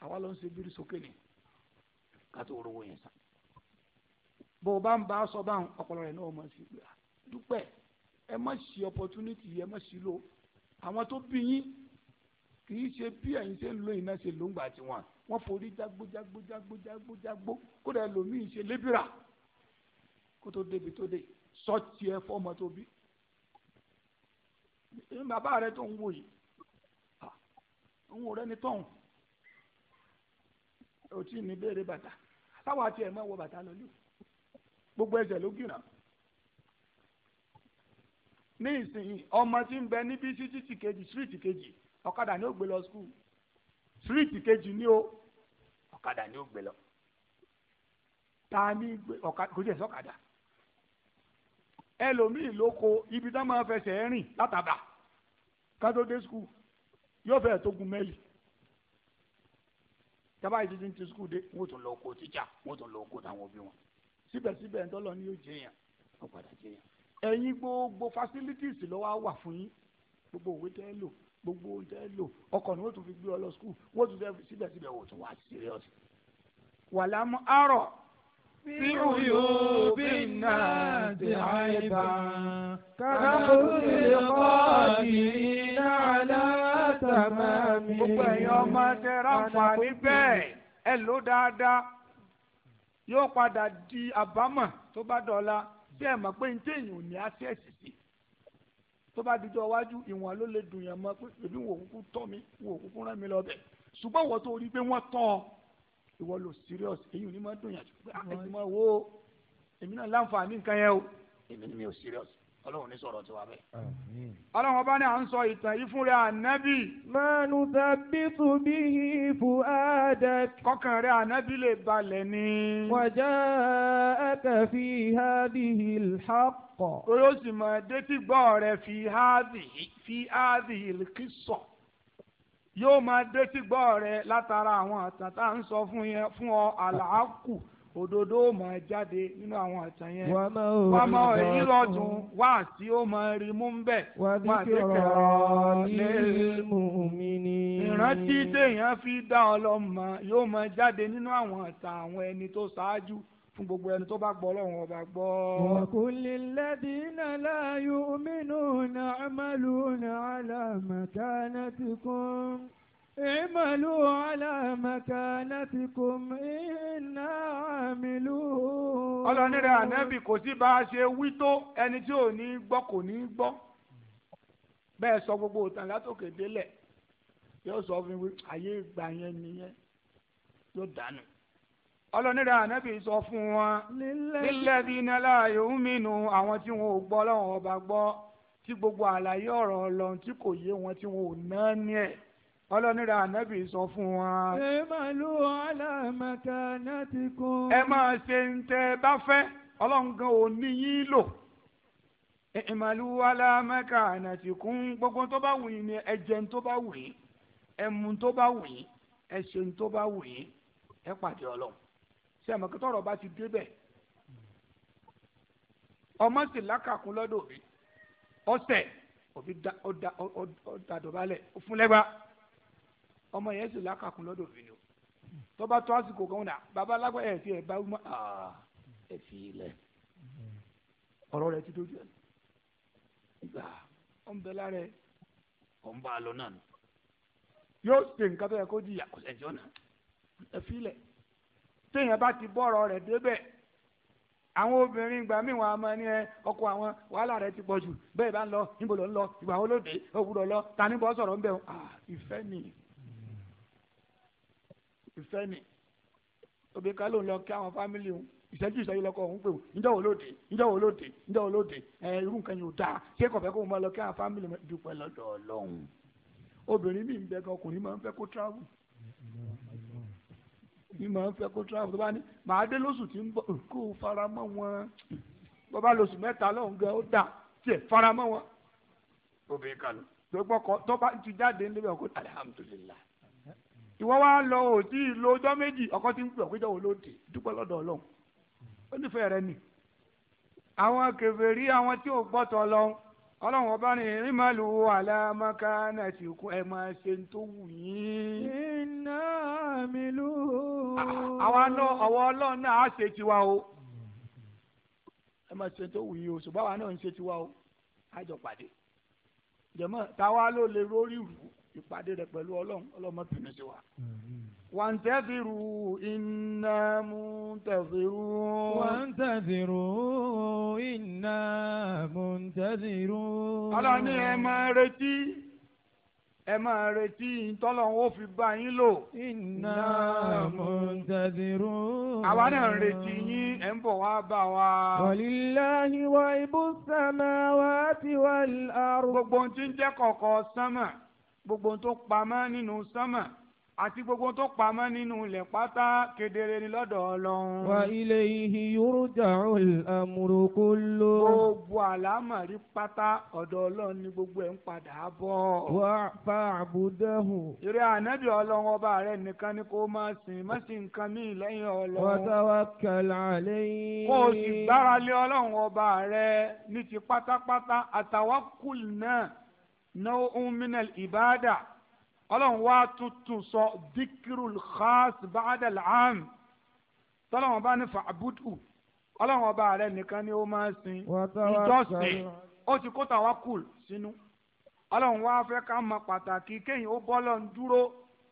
àwa ló ń ṣe bírí sókè ni kátó orowó yẹn sàn. bó o bá ń bá a sọ báwọn ọpọlọ rẹ náà mọ̀ sí i dúpẹ́ ẹ má ṣì opportunity ẹ má ṣì lò àwọn tó bí yín kì í ṣe bí ẹ̀yin ṣe ń lo iná ṣe ló ń gbà tiwọn wọ́n forí jágbó jágbó jágbó jágbó jágbó kódà ẹlòmíì ṣe lébìrà kó tó débi tó dé sọ tiẹ̀ fọmọ tó bí. bàbá rẹ tó ń wò yìí òun rẹ rẹ́ni ò tí ní béèrè bàtà táwọn àti ẹ̀mọ́ wọ bàtà gbogbo ẹsẹ̀ ló ní ọmọ tí ń bẹ níbi títí kejì síríìtì kejì ọ̀kadà ni ó gbé lọ ni ó ọ̀kadà ni ni ọ̀kadà kò yóò fẹ́ẹ̀ tó gun mẹ́lì tábà yìí títí ti sukùl dé wọ́n tún lọ kó tíjà wọ́n tún lọ kó táwọn òbí wọn síbẹ̀síbẹ̀ ń tọ́lọ ní yóò jẹyàn wọ́n padà jẹyàn ẹ̀yin gbogbo facilities lọ́wọ́ á wà fún yín gbogbo òwe tẹ́ lò gbogbo ohun tẹ́ lò ọkọ̀ ni wọ́n tún fi gbé ọ lọ sukùl wọ́n tún fẹ́ síbẹ̀síbẹ̀ wọ́n tún wà serious wàlámù àrọ̀ في عيوب الناس عيبا كحب القادرين على tàmámi. gbogbo ẹ̀yin ọmọ tẹ ráǹfààní bẹ́ẹ̀ ẹ lò dáadáa yóò padà di àbámọ̀ tó bá dọ̀la bí ẹ mọ̀ pé ní téèyàn ò ní àṣẹ́sì sí tó bá dijọ́ iwájú ìwọ̀n ló lè dùn yẹn mọ́ pé èmi wò kúkú tọ́ mi wò kúkú rán mi lọ bẹ́ẹ̀ ṣùgbọ́n wọ́n tó rí i pé wọ́n tán ọ ìwọ lò serious èyí ò ní máa dùn yàtọ̀ pé àìsàn máa wo èmi náà láǹfààní nǹkan yẹn o èmi ni mi ò serious ọlọ́run ní sọ̀rọ̀ tiwa bẹ́ẹ̀. ọlọ́run ọba ni à ń sọ ìtàn yìí fún rẹ ànábì. mẹ́nu tẹ́bí tún bí ìfù ẹ̀ẹ́dẹ́. kọ́kàn rẹ ànábì lè balẹ̀ ni. wàjà ẹ̀kẹ́ fi hádìhì lḥàkọ̀. lórí oṣù mọ̀ dẹ́tí gbọ́ fi hádìhì fi hádìhì lkísọ̀. yóò máa dẹ́tí gbọ́ látara àwọn àtàtà ń sọ fún ọ àlàákù òdodo ó máa jáde nínú àwọn àṣà yẹn wọ́n mọ èyí lọ́dún wá sí ó máa rí mú ń bẹ̀ wá sí kẹrọ nílùú ni. ìrántí téèyàn fi dá ọlọ́mọ yóò máa jáde nínú àwọn àṣà àwọn ẹni tó ṣáájú fún gbogbo ẹni tó bá gbọ́ ọlọ́run ọba gbọ́. wàkúlì lẹ́dínà láàyò mínú nàámàlú nàálà màkánà ti kún. اعملوا على مكانتكم إنا عاملون. ọlọ́ni rẹ̀ ànábì kò sí bá a ṣe wí tó ẹni tí ò ní gbọ́ kò ní gbọ́ bẹ́ẹ̀ sọ gbogbo òtàn látòkè délẹ̀ yóò sọ fún mi ayé ìgbà yẹn nìyẹn yóò dànù ọlọ́nira ànábì sọ fún wọn lilladhina la yu'minu àwọn tí wọn ò gbọ́ Ọlọ́run ọba gbọ́ tí gbogbo àlàyé ọ̀rọ̀ Ọlọ́run tí kò yé wọn tí wọn ò ná ní ẹ̀ ọlọ́nira ànábì sọ fún wọn. ẹ máa lo alámàkà láti kún. ẹ máa ṣe ń tẹ bá fẹ́ ọlọ́run gan ò ní yín lò. ẹ máa lo alámàkà láti kún gbogbo tó bá wù yín ni ẹ jẹun tó bá wù yín ẹ mu tó bá wù yín ẹ tó bá wù yín ẹ pàdé ọlọ́run. ṣé ẹ mọ̀ bá ti débẹ̀ ọmọ sì lákàkún lọ́dọ̀ òbí ọ̀sẹ̀ òbí ọ̀dàdọ̀bálẹ̀ fúnlẹ́gbàá ọmọ yẹn sì lákàkún lọ́dọ̀ òfin o tó bá tó àsìkò kan náà bàbá alágbá ẹ̀ fi ẹ̀ bá wúmọ́ ẹ̀ fi ilẹ̀ ọ̀rọ̀ rẹ̀ ti dojú ẹ̀ gbà ó ń bẹ lára ẹ̀ ọ̀ ń bá a lọ náà nù yóò pè nǹkan tó yẹ kó jìyà kò sẹ́jọ́ náà ẹ̀ fi ilẹ̀ téèyàn bá ti bọ́ọ̀rọ̀ rẹ̀ débẹ̀ àwọn obìnrin ìgbà míì wọn a máa ẹ ọkọ àwọn wàhálà rẹ ti pọ̀ jù bẹ́ẹ̀ bá ń lọ níbo ló ń lọ ìgbà wo ló dé lọ ta ní bọ́ sọ̀rọ̀ ń bẹ̀ ọ́ ìfẹ́ nìyí ìfẹ́ ni òbí ká ló ń lọ kí àwọn fámìlì ń ìṣẹ́jú ìṣẹ́jú lọ́kọ̀ òun pé ǹjẹ́ wo lóde ǹjẹ́ wo lóde ǹjẹ́ wo lóde ẹ irú nǹkan yóò dáa ṣé kò fẹ́ kó máa lọ kí àwọn fámìlì dúpẹ́ lọ́dọ̀ ọlọ́run obìnrin mi ń bẹ gan ọkùnrin máa ń fẹ́ kó travel mi máa ń fẹ́ kó travel tó bá ní màá dé lóṣù tí ń bọ̀ kó o fara mọ́ wọn bàbá lóṣù mẹ́ta lọ́hùn gan ó dà tiẹ̀ fara mọ́ wọn obìnrin kan tó gbọ́kọ tó bá ti jáde níbẹ̀ kó alihamudulilayi ìwọ wa lọ òtí ìlú ọjọ́ méjì ọkọ ti ń pè ọ̀pẹ́jọ́ wo ló dúpẹ́ lọ́dọ̀ ọlọ́run ó nífẹ̀ẹ́ rẹ nì àwọn kèfèrí àwọn tí ò gbọ́tọ̀ ọlọ́run ọlọ́run ọba ni rímàlù àlàmàkà náà ti kú ẹ máa ṣe ń tó wù yín. iná mi lù ú. àwa náà ọwọ́ ọlọ́run náà á ṣe tiwa o ẹ máa ṣe tó wù yín o ṣùgbọ́n àwa náà ń ṣe tiwa o á jẹ̀mọ́ táwa ló lè rórí rù ú ìpàdé rẹ̀ pẹ̀lú ọlọ́run ọlọ́mọ tẹ̀mí sí wa. wà ń tẹ́fìrù iná mú tẹ́fìrù. wà ń tẹ́fìrù iná mú tẹ́fìrù. ọlọ́ni ẹ máa retí ẹ máa retí ìtọ́lọ́run ó fi bá yín lò. iná mú tẹ́fìrù. àwa náà ń retí yín ẹ̀ ń bọ̀ wá bá wa. wàlíláhi wa ibùsàmà wa ti wà lárú. gbogbo ohun tí ń jẹ́ kọ̀ọ̀kan sánmà gbogbo tó pamọ́ nínú sánmà àti gbogbo tó pamọ́ nínú ilẹ̀ pátá kedere ni lọ́dọ̀ ọlọ́run. wa ilayhi yurja'ul amru kullu. gbogbo àlámọ̀rí pátá ọ̀dọ̀ ọlọ́run ni gbogbo ẹ̀ ń padà bọ̀. wà á fa àbúdáhù. ìrẹ́ ànábì ọlọ́run ọba rẹ̀ nìkan ni kó máa sìn má sìn nǹkan míì lẹ́yìn ọlọ́run. wa tawakkal alayhi. kó o sì gbára lé ọlọ́run ọba rẹ̀ ní ti pátápátá àtàwákùl náà nau'un minal ibada ọlọ́run wá tuntun sọ dikirul khas ba'da al'am tọ́lọ́run bá ní fa'budu ọlọ́run ọba rẹ nìkan ni ó máa ń sin ìjọsìn ó ti kó tawakul sínú ọlọ́run wá fẹ́ ká mọ pàtàkì kéèyàn ó bọ́ lọ́n dúró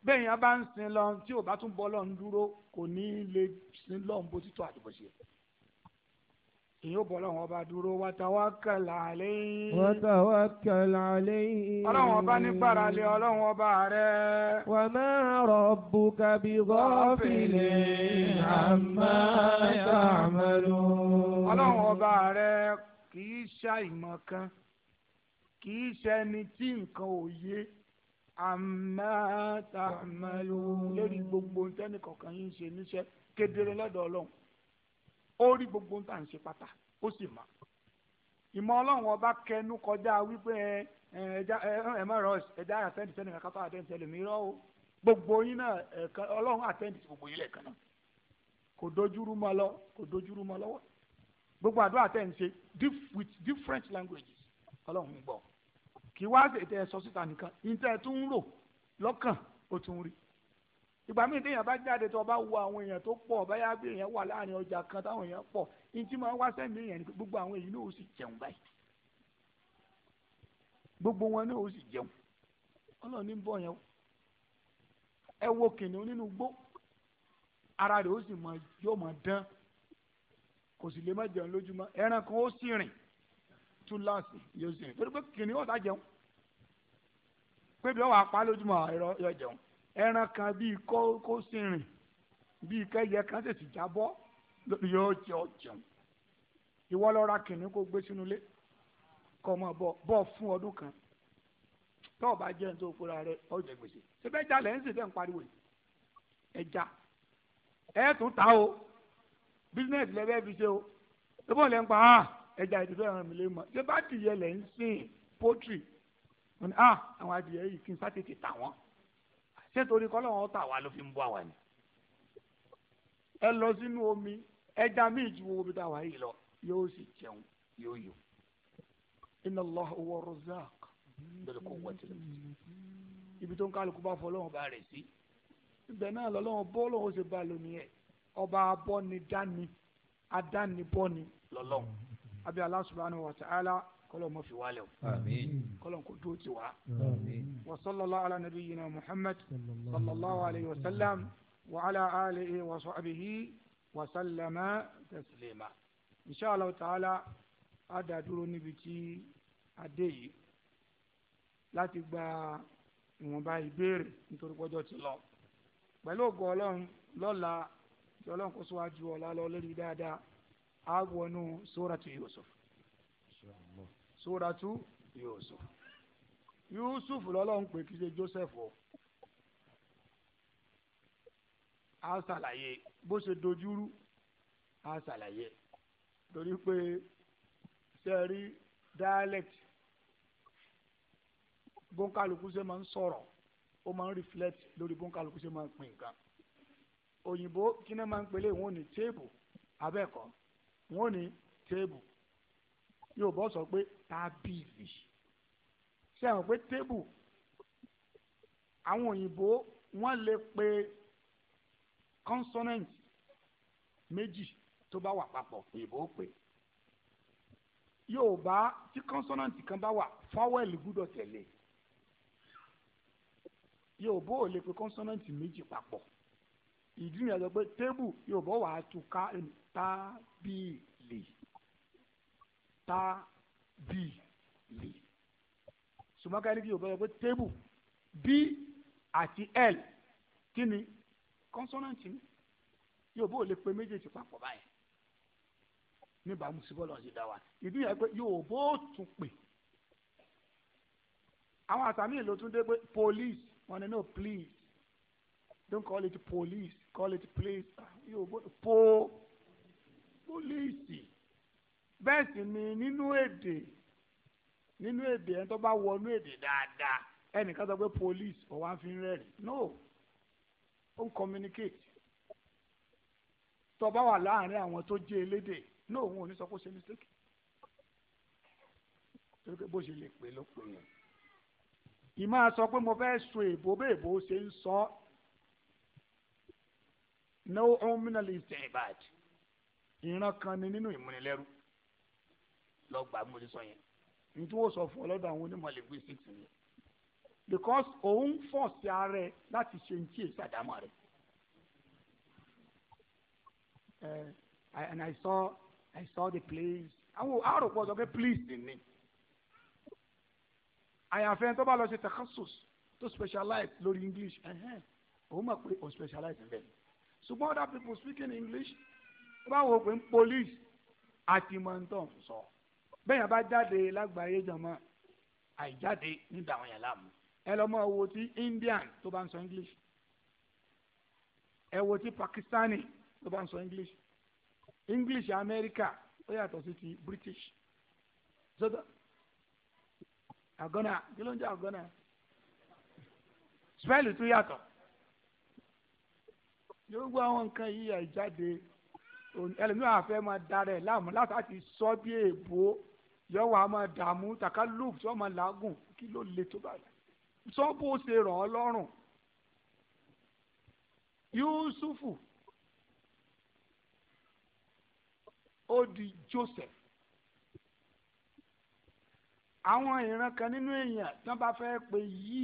béèyàn bá ń sin lọ́n tí ò bá tún bọ́ lọ́n dúró kò ní í lè sin lọ́n bó ti tọ́ àti ṣe èyàn bọ̀ lọ́wọ́ ọba dúró watawakkal alayhi. watawakkal alayhi. ọlọ́wọ́n ọba ní gbàràlẹ̀ ọlọ́wọ́n ọba rẹ̀. wa ma rabbuka bi ghafilin amma ta'malun. ọlọ́wọ́n ọba rẹ̀ kì í ṣàìmọ̀ kan kì í ṣẹni tí nǹkan ò yé amma ta'malun. lórí gbogbo ntẹ́nìkọ̀ọ̀kan yìí ń ṣe níṣẹ́ kedere lọ́dọ̀ ọlọ́run ó rí gbogbo ohun tá à ń ṣe pátá ó sì mọ̀ ìmọ̀ ọlọ́run ọba kẹnu kọjá wípé ẹ má rọ ẹ̀dá àtẹ́ǹtì sẹ́ni kankan tó àtẹ́ǹtì ẹlòmíràn o gbogbo yín náà ẹ̀kan ọlọ́run àtẹ́ǹtì gbogbo yín lẹ́ẹ̀kan náà kò dojúrú mọ́ lọ kò dojúrú mọ́ lọ́wọ́ gbogbo àdúrà tẹ̀ ṣe with different languages ọlọ́run gbọ́ kí wá ṣe tẹ ẹ sọ síta nìkan ìtẹ́ tún ń rò lọ́kàn ó tún rí ìgbà míì téèyàn bá jáde tó bá wo àwọn èèyàn tó pọ̀ báyà bí èèyàn wà láàrin ọjà kan táwọn èèyàn pọ̀ ìtì máa wá sẹ́mi èèyàn ni gbogbo àwọn èèyàn náà ó sì jẹun báyìí gbogbo wọn náà ó sì jẹun ọlọ́run ní bọ̀ yẹn ẹ wo kìnìún nínú gbó ara rẹ̀ ó sì mọ yóò mọ dán kò sì lè má jẹun lójúmọ́ ẹran kan ó sì rìn túláàsì yóò sì rìn torí pé kìnìún wà á pa ẹran kan bíi kó sìnrìn bíi kẹyẹ kan tètè jábọ́ lórí yóò jẹ ọjọun ìwọ lọ ra kìnìún kó gbé sínú ilé kọ mọ bọ bọ fún ọdún kan tó o bá jẹ ní tó o fúnra rẹ ọ jẹ gbèsè síbẹ̀ ẹja lẹ́yìn sì fẹ́ ń pariwo yìí ẹja ẹ tún ta o bísínẹ́sì lẹ́bẹ̀ẹ́ fi ṣe o ìbọn lẹ́ ń pa ẹja ah, ìdúró ẹ̀ràn mi lè mọ̀ ṣé bá dìyẹ lẹ́ ń sìn pọ́tìrì wọn ni àwọn adìyẹ yìí kí n sá tètè tà wọ́n ṣé torí kọ́lọ́wọ́n tà wá ló fi ń bọ́ àwa ni ẹ lọ sínú omi ẹja míì ju omi tá a wà yìí lọ yóò sì jẹun yóò yò inna Allah huwa razzaq lórí kò wọ́tí lọ ibi tó ń kálukú bá fọ lọ́wọ́ bá rẹ̀ sí ibẹ̀ náà lọ́lọ́wọ́ bọ́ lọ́wọ́ ṣe bá lómi ẹ̀ ọba abọ́ni dání adánibọ́ni lọ́lọ́wọ́ abi Allah subhanahu wa kọlọ mọ fi wálẹ o kọlọ kò dúró ti wá. wa sallallahu ala nabiyyina muhammad sallallahu alayhi wa sallam wa ala alihi wa sahbihi wa sallama taslima. insha allah ta'ala a dá dúró níbi tí a dé yìí láti gba ìwọ̀nba ìbéèrè nítorí pọ́jọ́ ti lọ. pẹ̀lú ògo ọlọ́run lọ́la tí ọlọ́run kó síwájú ọ̀la lọ lórí dáadáa a wọnú sóràtú yusuf sóràtú yusuf yusuf lọ́lọ́run pé kí ṣe joseph o a ṣàlàyé bó ṣe dojúrú a ṣàlàyé torí pé ṣe rí dialect bóńkálukú ṣe máa ń sọ̀rọ̀ ó máa ń reflect lórí bóńkálukú ṣe máa ń pín nǹkan òyìnbó kí ni máa ń pèlè wọn ò ní table abẹ́ẹ̀kọ́ wọn ò ní table Yorùbá sọ pé tábìlì ṣe àwọn pé tébù àwọn òyìnbó wọ́n lè pe consonant méjì tó bá wà papọ̀ òyìnbó pè Yorùbá tí consonant kan bá wà fáwẹ́lì gbúdọ̀ tẹ̀lé Yorùbá ò lè pe consonant méjì papọ̀ ìdí nìyẹn sọ pé tébù Yorùbá wà á tu ká tábìlì tábìlì sùmọ́kà ní kí yorùbá yọ pé tébù b àti l kí ni kọ́nsọ́nàǹtì ni yorùbá ò lè pe méjèèjì papọ̀ báyìí níbàámu sí bọ́ọ̀lù ọ̀sẹ̀ dá wa ìdí yẹn pé yorùbá ò tún pè àwọn àtàmì ìlú tún dé pé police wọn ni no please don't call it police call it place yorùbá po police bẹ́ẹ̀ sì ni nínú èdè nínú èdè ẹni tó bá wọnú èdè dáadáa ẹnìkan sọ pé police ọ̀wá fi ń rẹ́rìn no ó ń communicate tó bá wà láàárín àwọn tó jẹ́ elédè no òun ò ní sọ pé ó ṣe mistake torí pé bó ṣe lè pè ló pè yẹn ìmọ̀ sọ pé mo fẹ́ so èbó bẹ́ẹ̀ bó ṣe ń sọ náà ó ń mìíràn ìran kan ni nínú ìmúnilẹ́rú lọ gbà yẹn ní tí sọ fún ọ lọ́dọ̀ àwọn onímọ̀ linguistics yẹn because òun fọ̀ sí ara ẹ láti ṣe ní tí èsì àdámọ̀ rẹ̀. and I saw I saw the place àwọn àròpọ̀ sọ pé please dì ní. àyàfẹ́ tó bá lọ ṣe takhasus tó specialize lórí English òun mọ̀ pé òun specialize ń ṣùgbọ́n other people speaking English tó pé police àti mọ̀ntàn sọ. So bẹ́yàn bá jáde lágbàáyé jọmọ àìjáde nígbà àwọn yàrá mu ẹ lọ mọ owó tí Indian tó bá ń sọ English ẹ wo ti Pakistani tó bá ń sọ English English America ó yàtọ̀ sí ti British sọ́dọ̀ àgọ́nà kí ló ń jẹ́ àgọ́nà spẹ́ẹ̀lì tún yàtọ̀ gbogbo àwọn nǹkan yìí àìjáde ẹlòmíràn àfẹ́ máa darẹ̀ láàmú láti sọ bí èèbó yọ wàá máa dààmú takaluf tí wọ́n máa làágùn kí ló le tó báyìí sọ bó ṣe ràn án lọ́rùn Yusufu ó di Joseph àwọn ìran kan nínú èèyàn tí wọ́n bá fẹ́ pe yí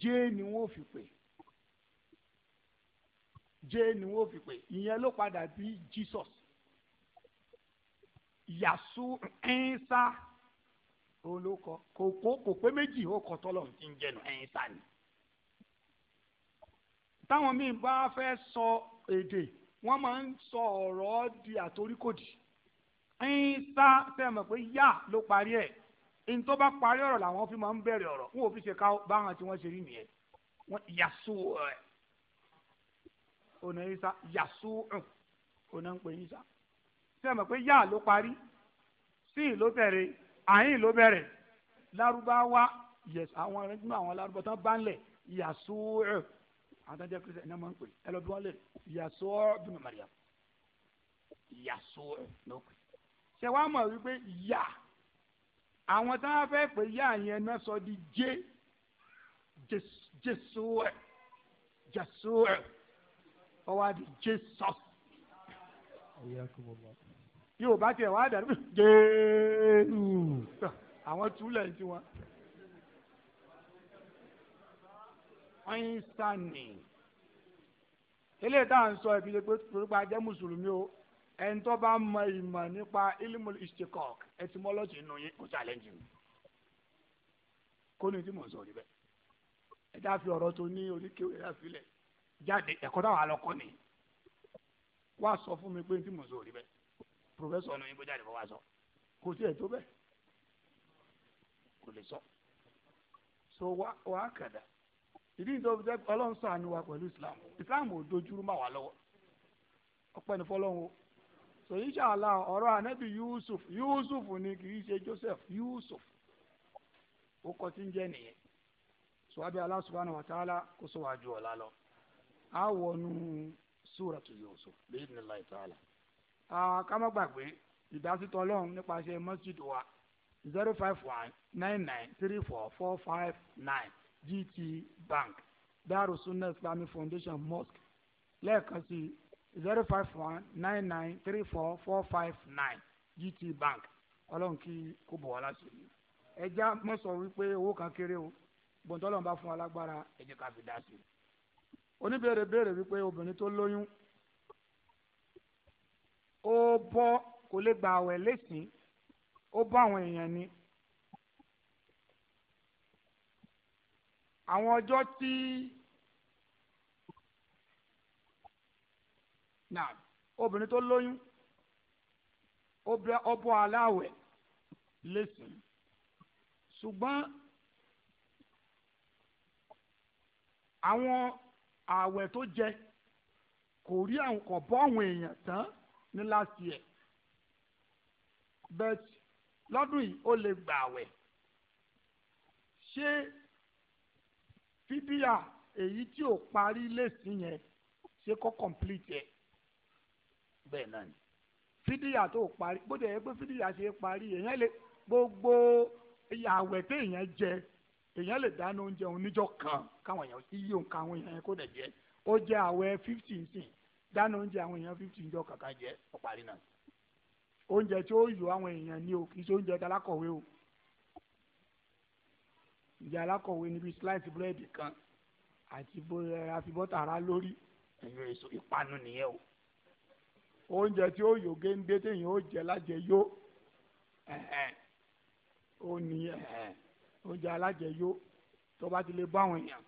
jẹ́ ni wọ́n fi pè jẹ́ ni wọ́n fi pè ìyẹn ló padà bí Jesus yàsú ẹ̀ńsá olókọ kò kó kò pé méjì ó kọ tọ́lọ̀ ti ń jẹnu ẹ̀ńsá ni. táwọn míì bá fẹ́ sọ èdè wọ́n máa ń sọ ọ̀rọ̀ di àtoríkòdì ẹ̀ńsá fẹ́ mọ̀ pé yá ló parí ẹ̀ ntọ́ bá parí ọ̀rọ̀ làwọn fi máa ń bẹ̀rẹ̀ ọ̀rọ̀ wọn ò fi ṣe ká báwọn tí wọ́n ṣe rí nìyẹn wọ́n yàsú ẹ̀ ọ̀nà ẹ̀ńsá yàsú ọ̀nà ń pè ẹ̀ńsá ṣé ẹ mọ̀ pé yá ló parí sí ló bẹ̀rẹ̀ àyìn ló bẹ̀rẹ̀ lárúbáwá yẹs àwọn arẹ́gbẹ́mọ̀ àwọn lárúbáwá tán bá ń lẹ̀ yasu'u àtàjẹ́ kristian ní ọmọ ń pè ẹ lọ bí wọ́n lè yasu'u bímọ Maryam yasu'u ló pè ṣé wàá mọ̀ wípé yá àwọn tí wọ́n fẹ́ pè yá yẹn náà sọ di jẹ́ jesu'u jesu'u ọwọ́ àti jesus tí ò bá tiẹ̀ wá dàrú jẹ́ẹ́rù àwọn túlẹ̀ ń tiwọn. ọ̀yìnsánì eléyìí tá à ń sọ ibi pé torípa jẹ́ mùsùlùmí o ẹni tó bá mọ ìmọ̀ nípa ilmul istikok etymology nù yín kò challenge mi kó ní tí mò ń sọ rí bẹ́ẹ̀ ẹ dá fi ọ̀rọ̀ tó ní oríkèwé dá filẹ̀ jáde ẹ̀kọ́ táwọn alọ́kọ́ ni wá sọ fún mi pé tí mò ń sọ rí professor ọ̀nà ìbò jáde fọwọ́ sọ kò sí ẹ̀ tó bẹ́ẹ̀ kò lè sọ so wà á kàdà ìdí ìjọba jẹ́ ọlọ́run ṣàánú wa pẹ̀lú islam islam ò dojúrú mà wá lọ́wọ́ ọpẹ́ ní fọlọ́run o so inṣàlá ọ̀rọ̀ ànábì yusuf yusuf ni kì í ṣe joseph yusuf ó kọ tí ń jẹ́ nìyẹn so abẹ́ Allah subhanahu wa ta'ala kó sọ wájú ọ̀la lọ á wọnú súratu yusuf bi idhnillahi ta'ala ká má gbàgbé ìdásítọ̀ ọlọ́run nípasẹ̀ masjid wa zero five one nine nine three four four five nine gt bank Darus Sunnah Islamic Foundation Mosque lẹ́ẹ̀kan sí zero five one nine nine three four four five nine gt bank ọlọ́run kí kó bọ̀ wá láti rí ẹja mọ̀ sọ wípé owó kan kéré o gbọ̀ntọ́lọ́run bá fún wa lágbára ẹ̀jẹ̀ ká fi dá sí i oníbèrè béèrè wípé obìnrin tó lóyún ó bọ́ kò lè gba àwẹ̀ lẹ́sìn ó bọ́ àwọn èèyàn ni. àwọn ọjọ́ tí nà obìnrin tó lóyún ó bọ́ aláwẹ̀ lẹ́sìn ṣùgbọ́n àwọn àwẹ̀ tó jẹ kò rí àwọn kò bọ́ àwọn èèyàn tán ní last year but lọ́dún yìí ó lè gbà àwẹ̀ ṣé fídíà èyí tí ò parí lèsì yẹn ṣe kọ́ complete ẹ̀ bẹ́ẹ̀ náà ni fídíà tó parí bó dẹ̀ yẹ pé fídíà ṣe parí èèyàn lè gbogbo àwẹ̀ téèyàn jẹ èèyàn lè dáná oúnjẹ oníjọ kan káwọn èèyàn iye òǹkà àwọn èèyàn kó dẹ̀ jẹ́ ó jẹ́ àwẹ̀ fifty nsìn dáná oúnjẹ àwọn èèyàn fifty jọ kàkà jẹ ọ̀parí náà oúnjẹ tí ó yọ àwọn èèyàn ni o kì ṣe oúnjẹ o ìjà alákọ̀wé níbi slice búrẹ́dì kan àti àfibọ́tà ara lórí ẹ̀yọ èso ìpanu nìyẹn o oúnjẹ tí ó yọ géńdé téèyàn ó jẹ lájẹ yó ó ní oúnjẹ alájẹ yó tó bá ti lè bá àwọn èèyàn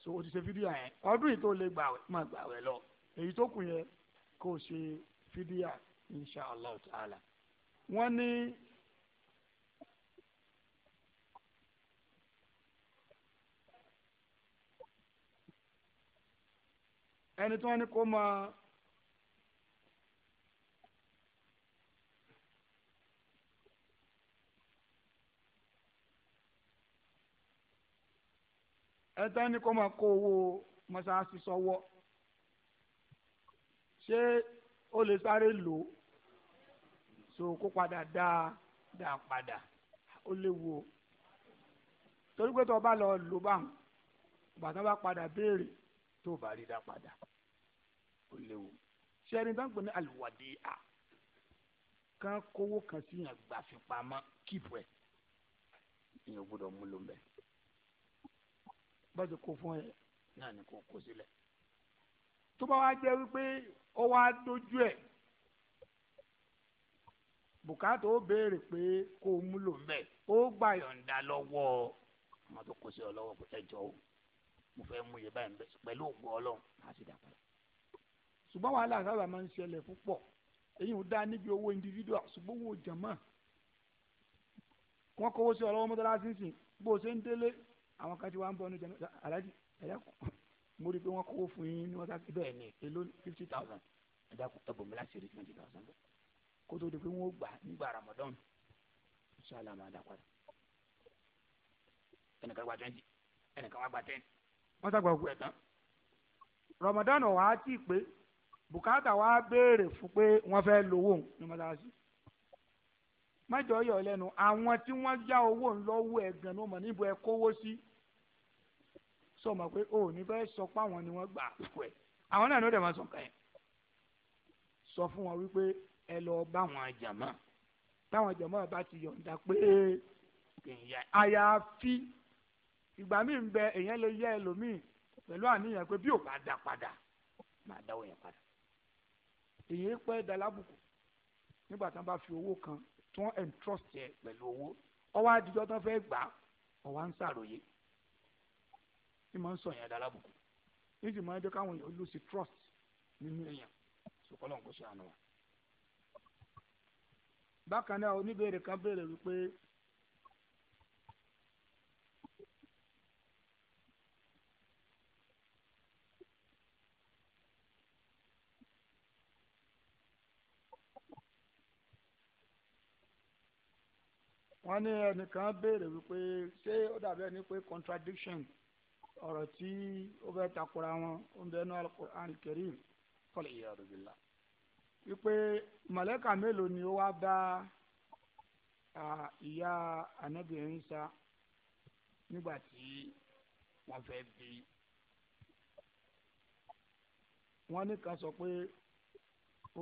so o ti ṣe fídíò yẹn ọdún yìí tó lè gbà wẹ̀ gbà wẹ̀ lọ. èyí tó kù yẹn kò ṣe fídíà insha allah wọ́n ní ẹni tí wọ́n ní kó máa ẹni tí wọ́n ní kó máa kó owó ṣé ó lè sáré lò ó so kó padà dá dá padà ó léwu o torí pé tó o bá lọ lò báwọn bàtà bá padà béèrè tó o bá rí dá padà ó léwu ṣé ẹni tó ń pè ní àlùwàdí à kan kówó kan sí yàn gbàfi pamọ́ kíìpù ẹ̀ ìyẹn gbọ́dọ̀ mú lò ń bẹ̀ bá ti kó fún ẹ náà ni kò kó sílẹ̀. tó bá wá jẹ́ wípé ó wá dójú ẹ̀ bùkátà ó béèrè pé kó o múlò mẹ́ ó gbà yọ̀ǹda lọ́wọ́ ọmọ tó kó sí ọ lọ́wọ́ o mo fẹ́ mú iye báyìí pẹ̀lú ògbó ọlọ́run á sì dà padà. ṣùgbọ́n wàhálà sábà máa ń ṣẹlẹ̀ púpọ̀ èyí ò dá níbi owó o ṣe ń délé àwọn kan ti wá ń mo rí i pé wọ́n kó fún yín ní wọ́n sá sí bẹ́ẹ̀ ni èló fifty thousand ẹ̀dá ẹ̀bùn mi láti rí twenty thousand bẹ́ẹ̀ kó tó di pé wọ́n gbà nígbà Ramadan ṣáàlà máa dá padà ẹnìkan gba twenty ẹnìkan wá gba ten wọ́n sá òkú ẹ̀ tán Ramadan ọ̀ wá tí ì pé bùkátà wa béèrè fún pé wọ́n fẹ́ lówó ní mọ́tàlásì mọ́jọ́ yọ̀ lẹ́nu àwọn tí wọ́n já owó ńlọ́wọ́ ẹ̀gàn ló mọ̀ níbo ẹ kówó sí. Si sọ ma pé o oh, ní fẹ́ sọ pé àwọn ni wọ́n gbà àkókò ẹ̀ àwọn náà ni ó dẹ̀ máa sọ nǹkan yẹn sọ fún wọn wípé ẹ lọ bá àwọn àjàmọ́ táwọn àjàmọ́ bá ti yọ̀ǹda pé àyàfi ìgbà míì ń bẹ èèyàn lè yẹ ẹlòmíì pẹ̀lú àníyàn pé bí ò bá dá padà máa dáwọ́ yẹn padà èyí pẹ́ da lábùkù nígbà tí wọ́n bá fi owó kan tí wọ́n entrust yẹ pẹ̀lú owó ọwọ́ àdìjọ́ tán fẹ́ gbà ọwọ́ à ń ṣàròyé ní máa ń sọ èèyàn dára bùkún ní sì máa ń jẹ́ káwọn èèyàn lose trust nínú èèyàn sọkọlọ́n kò ṣe àná bákan náà oníbèrè kan béèrè wípé wọ́n ní ẹnìkan béèrè wípé ṣé ó dàbí ẹni pé contradiction ọ̀rọ̀ tí ó bẹ takora wọn ó ń bẹnu alukur'an karim kọlẹ iyadu billah wípé mọlẹka mélòó ni ó wá bá ìyá anabi Ìsá nígbà tí wọn fẹ́ bí wọn ní ká sọ pé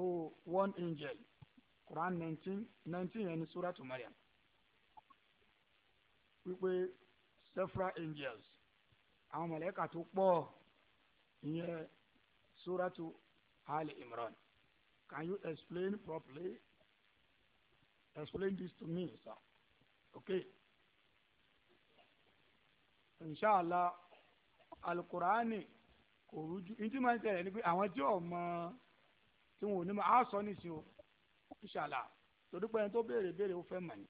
o oh, one angel quran nineteen nineteen yẹn ní suratu Maryam wípé several angels àwọn mọ̀lẹ́kà tó pọ̀ ìyẹn suratu ali imran can you explain properly explain this to me sir okay inshallah alukurani kò rújú ní tí máa ń tẹ̀lé ni pé àwọn tí ò mọ tí wọn ò ní mọ á sọ nísìnyí o inshallah torí pé ẹni tó béèrè béèrè ó fẹ́ mọ̀ ni.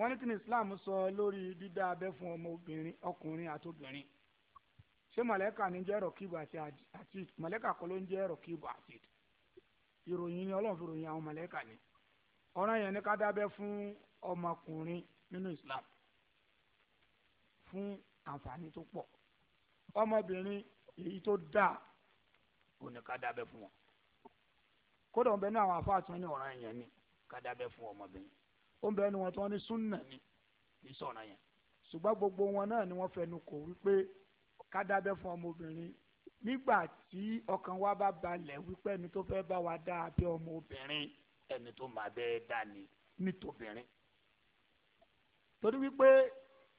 wọ́n ní kí islam sọ lórí dídá abẹ́ fún ọmọ obìnrin ọkùnrin àti obìnrin ṣé mọ̀lẹ́kà ní jẹ́ rọ̀kìbù àti àtìd mọ̀lẹ́kà kọ́ ló ń jẹ́ ìròyìn ni ọlọ́run fi ròyìn àwọn ni ni ká islam fún àǹfààní tó ọmọbìnrin èyí tó ká fún wọn kódà náà àwọn ó ń bẹ́ẹ̀ ni wọ́n tí wọ́n ní súnà ni ní sọ̀rọ̀ yẹn ṣùgbọ́n gbogbo wọn náà ni wọ́n fẹnu kò wípé ká dábẹ́ fún ọmọbìnrin nígbà tí ọkàn wa bá balẹ̀ wípé ẹni tó fẹ́ bá wa dá abẹ́ ọmọbìnrin ẹni tó máa bẹ́ẹ̀ dá ni nítòbìnrin torí wípé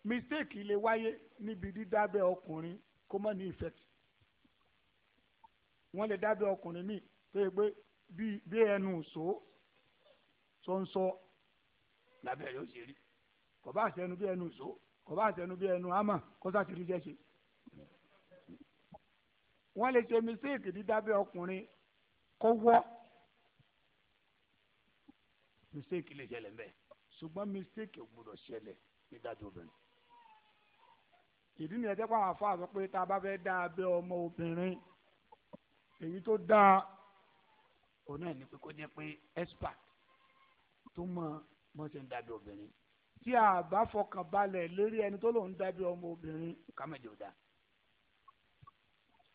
mistake lè wáyé níbi dídábẹ́ ọkùnrin kó má ní effect wọ́n lè dábẹ́ ọkùnrin míì tó pé bí ẹnu sòó sọ́nsọ́. So lábẹ́ rẹ̀ ó ṣe rí kò bá àṣẹnu bí ẹnu ìṣó kò bá àṣẹnu bí ẹnu ámà kó sáti rí jẹ́ṣe. wọ́n lè ṣe mistake dídábẹ́ ọkùnrin kó wọ́ mistake lè ṣẹlẹ̀ mbẹ́ ṣùgbọ́n mistake ò gbọdọ̀ ṣẹlẹ̀ dídábẹ́ obìnrin. ìdí nìyẹn tẹ́pọ̀ àwọn afọ àsọ pé tá a bá fẹ́ dá abẹ́ ọmọ obìnrin èyí tó dáa òun náà ní pé kó jẹ́ pé expert tó mọ bó ṣe ń dábẹ́ obìnrin tí a bá fọkàn balẹ̀ lórí ẹni tó lòun dábẹ́ ọmọ obìnrin ká má jẹ́ ó dá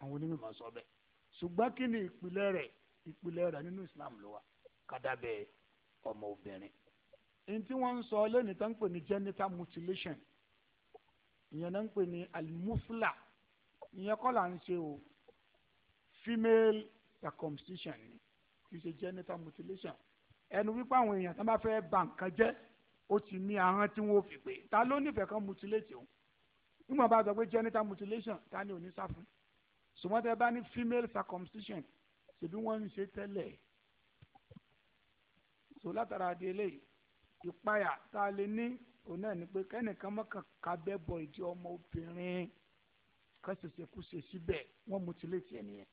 àwọn onímọ̀ sọ bẹ́ẹ̀ ṣùgbọ́n kí ni ìpìlẹ̀ rẹ̀ ìpìlẹ̀ rẹ̀ nínú Islam ló wà ká ọmọ obìnrin ní tí wọ́n ń sọ lónìí tó ń pè ní genital mutilation ìyẹn náà ń pè ní alimufla ìyẹn kọ́ là ń ṣe o female circumcision ni kì í ṣe genital mutilation ẹnu wípé àwọn èèyàn tó bá fẹ́ ba nǹkan jẹ́ ó ti ní ahọ́n tí wọ́n fi pè ta ló nífẹ̀ẹ́ kan mutilate òun nígbà bá sọ pé genital mutilation ta ni òní sáfún sùmọ́tẹ́ bá ní female circumcision ṣèbí wọ́n ń ṣe tẹ́lẹ̀ so látara di eléyìí ìpayà tá a lè ní òun náà ni pé kẹ́nìkan mọ́kàn kábẹ́ bọ ìdí ọmọ obìnrin kan ṣẹ̀ṣẹ̀ kú ṣe síbẹ̀ wọ́n mutilate ẹni yẹn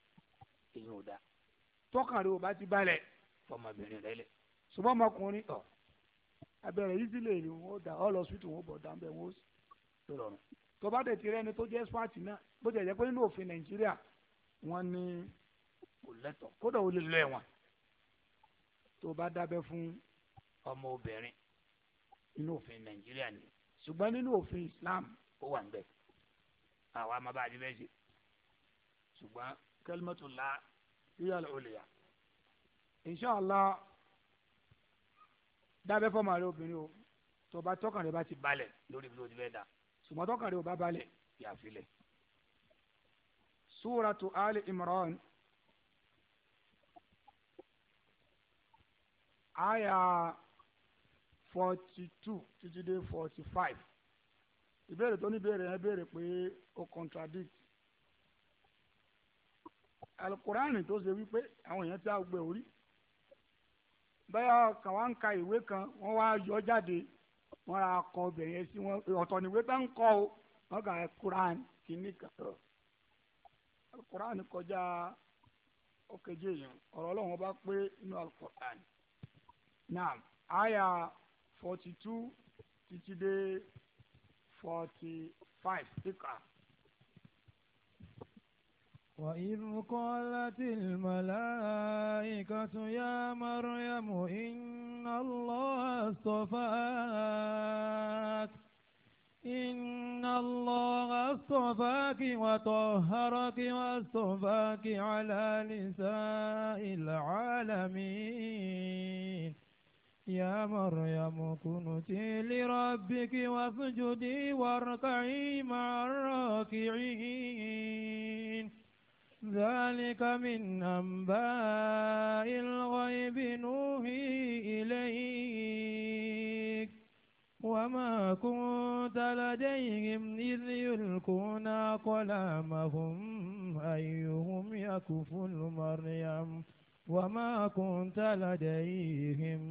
èyí ò dáa tọkàn rẹ ò bá ti balẹ̀ fọmọbìnrin rẹ lẹ̀ ṣùgbọ́n ọmọkùnrin ọ̀ abẹ́rẹ́ yìí sílẹ̀ ni wọ́n dà ọ́ lọ síìtì wọn bọ̀ dáńbẹ́ wọn ó sì rọrùn tó bá dẹ̀ ti rẹ́ni tó jẹ́ expert náà bó ti jẹ́ pé nínú òfin nàìjíríà wọ́n ní kò lẹ́tọ̀ kódà ó lè lọ ẹ̀wọ̀n tó bá dábẹ́ fún ọmọ obìnrin nínú òfin nàìjíríà ni ṣùgbọ́n nínú òfin islam ó wà níbẹ̀ àwa máa bá a di bẹ́ẹ̀ ṣe ṣùgbọ́n kalimatu la yíyá lọ́ọ́ dábẹ́ fọ́ọ̀mù rẹ obìnrin o tó tọkàn rẹ bá ti balẹ̀ lórí ibi tó ti fẹ́ dà ṣùgbọ́n tọkàn rẹ ò bá balẹ̀ yà á filẹ̀. suratu ali imran aya forty two títí dé forty five ìbéèrè tó ní béèrè yẹn béèrè pé ó contradict alukurani tó ṣe wípé àwọn èèyàn tí a gbẹ orí bẹ́ẹ̀ kawanka iwe ń ka kan wọ́n wá yọ jáde wọ́n ra kọ obìnrin sí wọn ọ̀tọ̀ níwé bá ń o wọ́n kà kuran kìíní kuran kọjá ọ̀kẹ́jẹ́ yẹn ọ̀rọ̀ ọlọ́run bá pé inú alukuran naam aya forty two títí dé forty five kíkà. وإذ قالت الملائكة يا مريم إن الله اصطفاك إن الله اصطفاك وطهرك واصطفاك على نساء العالمين يا مريم كنتي لربك واسجدي واركعي مع الراكعين ذلك من أنباء الغيب نوحي إليك وما كنت لديهم إذ يلقون أقلامهم أيهم يكفل مريم وما كنت لديهم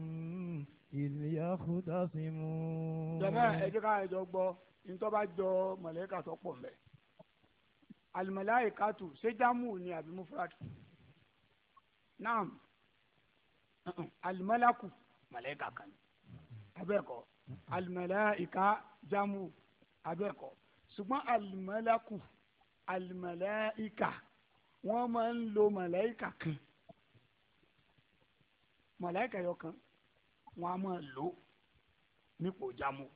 إذ يختصمون. jẹ́nà ẹ̀jẹ̀ ká ẹ̀jọ̀ gbọ́ ní tó alimalaikatu sejamu ni àbí mufrad naam alimalaku malayika kan abẹ́ẹ̀kọ́ alimalaika jamu abẹ́ẹ̀kọ́ ṣùgbọ́n alimalaku alimalaika wọ́n máa ń lo malayika kan malayika yọ kan wọ́n á máa lò nípò jamu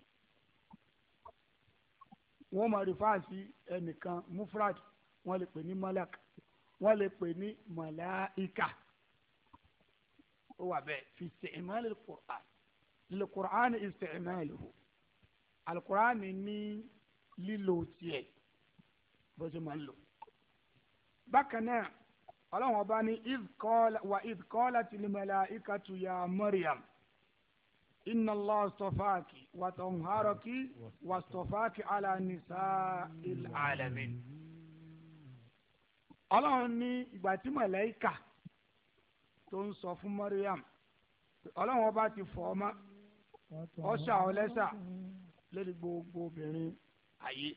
wọ́n máa rìfáà sí ẹnìkan mufrad wọ́n lè pè ní malak wọ́n lè pè ní malaika ó wà bẹ́ẹ̀ fi isti'mal al-Qur'an al-Qur'an isti'maluhu al-Qur'an ní lílo tiẹ̀ bó ṣe máa ń lò. bákan náà ọlọ́run ọba ní idh qalat wa idh qalat al-malaikatu ya Maryam. inna الله اصطفاك wata واصطفاك على نساء العالمين ọlọ́run ní ìgbà tí mọ̀lẹ́kà tó ń sọ fún Mariam ọlọ́run ọba ti fọ́ ọmọ ọṣà ọlẹ́sà lórí gbogbo obìnrin ayé.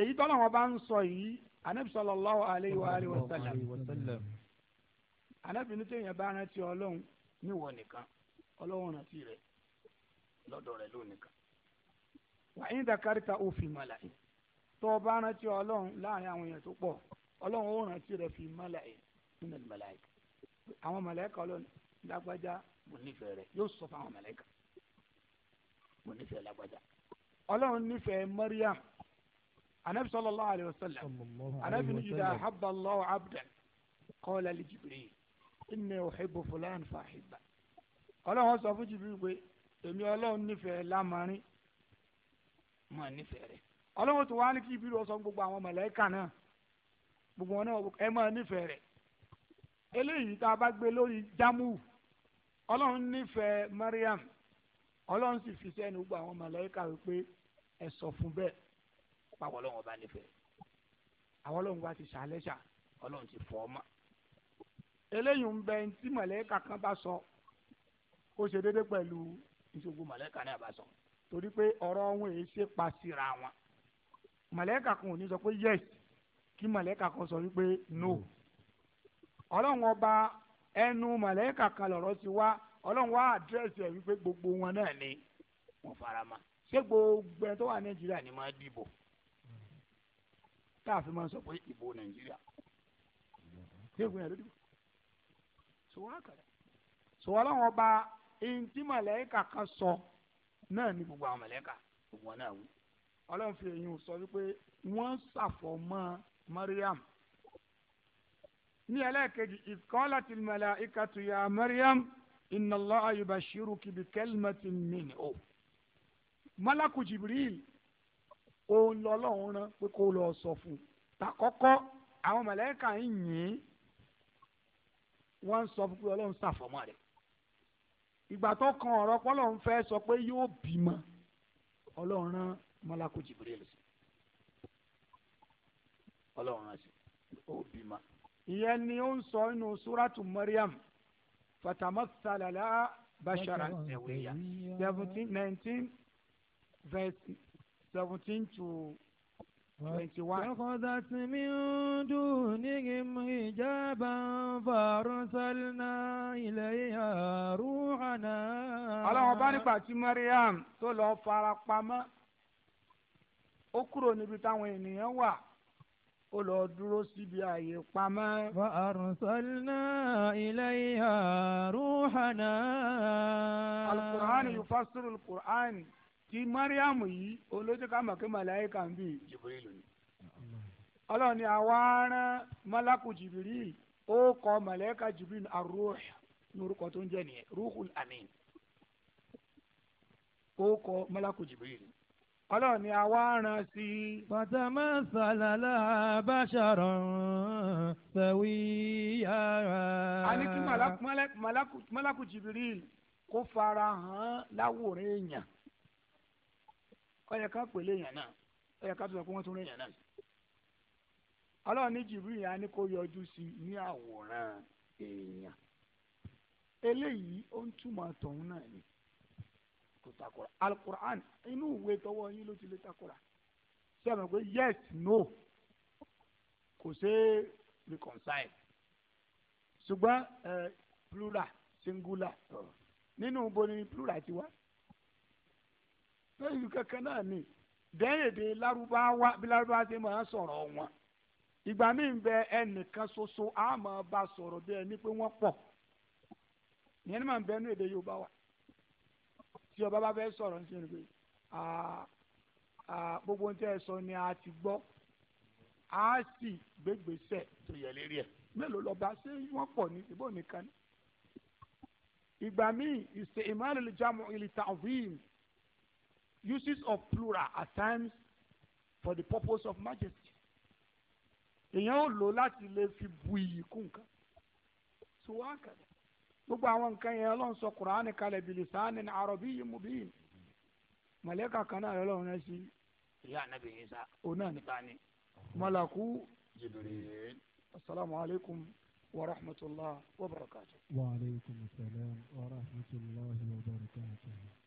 èyí tọ́lọ́run ọba ń sọ yìí anabi aleyhi wa alihi wa sallam níwọ nìkan ọlọ́run rántí rẹ lọ́dọ̀ rẹ lónìkan. wà ní dakarita òfin mọ́lá yìí tó o bá rántí ọlọ́run láàrin àwọn èèyàn tó pọ̀ ọlọ́run ó rántí rẹ fi mọ́lá yìí nínú ìmọ̀lá yìí àwọn mọ̀lẹ́kà ọlọ́run lágbájá mo nífẹ̀ẹ́ rẹ yóò sọ fún àwọn mọ̀lẹ́kà mo nífẹ̀ẹ́ lágbájá ọlọ́run nífẹ̀ẹ́ Maryam anabi sallallahu alayhi wa sallam anabi ni idha habba Allahu abdan qala li Jibril inni uhibbu fulan fàhìbà ọlọ́run sọ fún jìbìrì pé èmi ọlọ́run nífẹ̀ẹ́ lámarin mọ̀ nífẹ̀ẹ́ rẹ̀ ọlọ́run tó wá ní kí jìbìrì ọsàn gbogbo àwọn mọ̀lẹ́kà náà gbogbo wọn náà ẹ mọ̀ nífẹ̀ẹ́ rẹ̀ eléyìí tá a bá gbé lórí jámù ọlọ́run nífẹ̀ẹ́ Mariam ọlọ́run sì fi sẹ́nu gbogbo àwọn mọ̀lẹ́kà wípé ẹ sọ fún bẹ́ẹ̀ pàwọ́ ọlọ́run ọba nífẹ̀ẹ́ àwọn ọlọ́run wa ti ṣàlẹ́ṣà ọlọ́run ti fọ́ ọ mọ́ eléyìí ń bẹ ntí mọ̀lẹ́kà kan bá sọ ó ṣe déédé pẹ̀lú ìṣògo mọ̀lẹ́kà náà bá sọ torí pé ọ̀rọ̀ wọn èyí ṣe pa síra wọn mọ̀lẹ́kà kan ò ní sọ pé yes kí mọ̀lẹ́kà kan sọ wípé no hmm. ọlọ́run ọba ẹnu mọ̀lẹ́kà kan lọ̀rọ̀ ti wá ọlọ́run wá àdírẹ́sì ẹ̀ wípé gbogbo wọn náà ni wọ́n fara mọ́ ṣé gbogbo ẹni tó wà nàìjíríà ni máa dìbò hmm. tá a fi máa sọ pé ìbò nàìjíríà ṣé gbogbo sòwò àkàrà ọba mọ̀lẹ́kà kan sọ náà ní gbogbo àwọn mọ̀lẹ́kà gbogbo náà wù ọlọ́run fi èyí sọ wípé wọ́n Mariam ní ẹlẹ́ẹ̀kejì ìkọ́lá ti Mariam inna Allaha yubashiruki bi kalimatin o malaku Jibril òun rán pé kó lọ sọ fún tàkọ́kọ́ àwọn mọ̀lẹ́kà ń yìn ín wọ́n ń sọ fún pé ọlọ́run ṣàfọ̀mọ́ rẹ̀ ìgbà tó kan ọ̀rọ̀ pọ́lọ́run fẹ́ sọ pé yóò bímọ ọlọ́run rán mọ́lákù Jibril sí ọlọ́run rán sí ó bímọ. ìyẹn ni ó ń sọ inú súrátù Maryam fatamassala laha basharan sawiyya seventeen nineteen verse seventeen to twenty one. أخذت من دونهم حجابا فأرسلنا إليها روحنا. ọlọ́run bá nípa tí Mariam tó lọ fara níbi táwọn ènìyàn wà ó lọ dúró síbi àyè pamọ́. wa arsalna ilayha ruhana. alukur'ani yufasiru alukur'ani ti mariam yìí olójú ká mọ̀ kí ń bì jìbìrìlù ni ọlọ́run ni àwa malaku jìbìrì ó kọ màláìka jìbìrìlù arúh ní orúkọ tó ń jẹ́ nìyẹn ruhul amin ó kọ malaku jìbìrìlù ọlọ́run ni àwa rán sí. fatama salala bashara sawiya. a ní kí malaku jìbìrìlù kó fara hàn láwòrán èèyàn ọyẹ ká pèlè yàn náà ọyẹ ká tó sọ pé wọ́n tún rí yàn náà. ọlọ́run ní Jibril yẹn á ní kó yọjú sí ní àwòrán èèyàn eléyìí ó ń túmọ̀ tọ̀hún náà ni kò takora alukur'an inú ìwé tọwọ́ yín ló ti lè takora ṣé ẹ mọ̀ pé yes no kò ṣeé reconcile ṣùgbọ́n eh, plural singular nínú bo ni plural ti wá lóyún kankan náà ni dẹ́yẹ̀dẹ́ lárúbáwá bí lárúbáwá ti máa sọ̀rọ̀ wọn ìgbà míì ń bẹ ẹnìkan ṣoṣo a máa bá sọ̀rọ̀ bí ẹni pé wọ́n pọ̀ ìyẹn ni màá ń bẹ inú èdè Yorùbá wa tí ọba bá fẹ́ sọ̀rọ̀ ń sìn pé gbogbo ohun tí ẹ sọ ni a ti gbọ́ a sì gbégbèsè tó yẹ lérí ẹ̀ mélòó lọ́ba ṣé wọ́n pọ̀ ní ìbò nìkan ni ìgbà míì ìṣe ìmọ̀lẹ́lẹ́jàmọ́ ìlítàwíìmù uses of plural at times for the purpose of majesty. èèyàn ò lò láti lè fi bu iyì kún nǹkan so wá kàlẹ̀ gbogbo àwọn nǹkan yẹn ọlọ́run sọ kuraani kalẹ̀ bilisani ní arọ̀bí yìí mú bíyìn mọ̀lẹ́kà kan náà ọlọ́run rẹ sí ìyá anabi isa òun náà ni malaku jibril asalaamualeykum wa rahmatulah wa barakatu. wa aleykum salaam wa rahmatulah wa barakatu.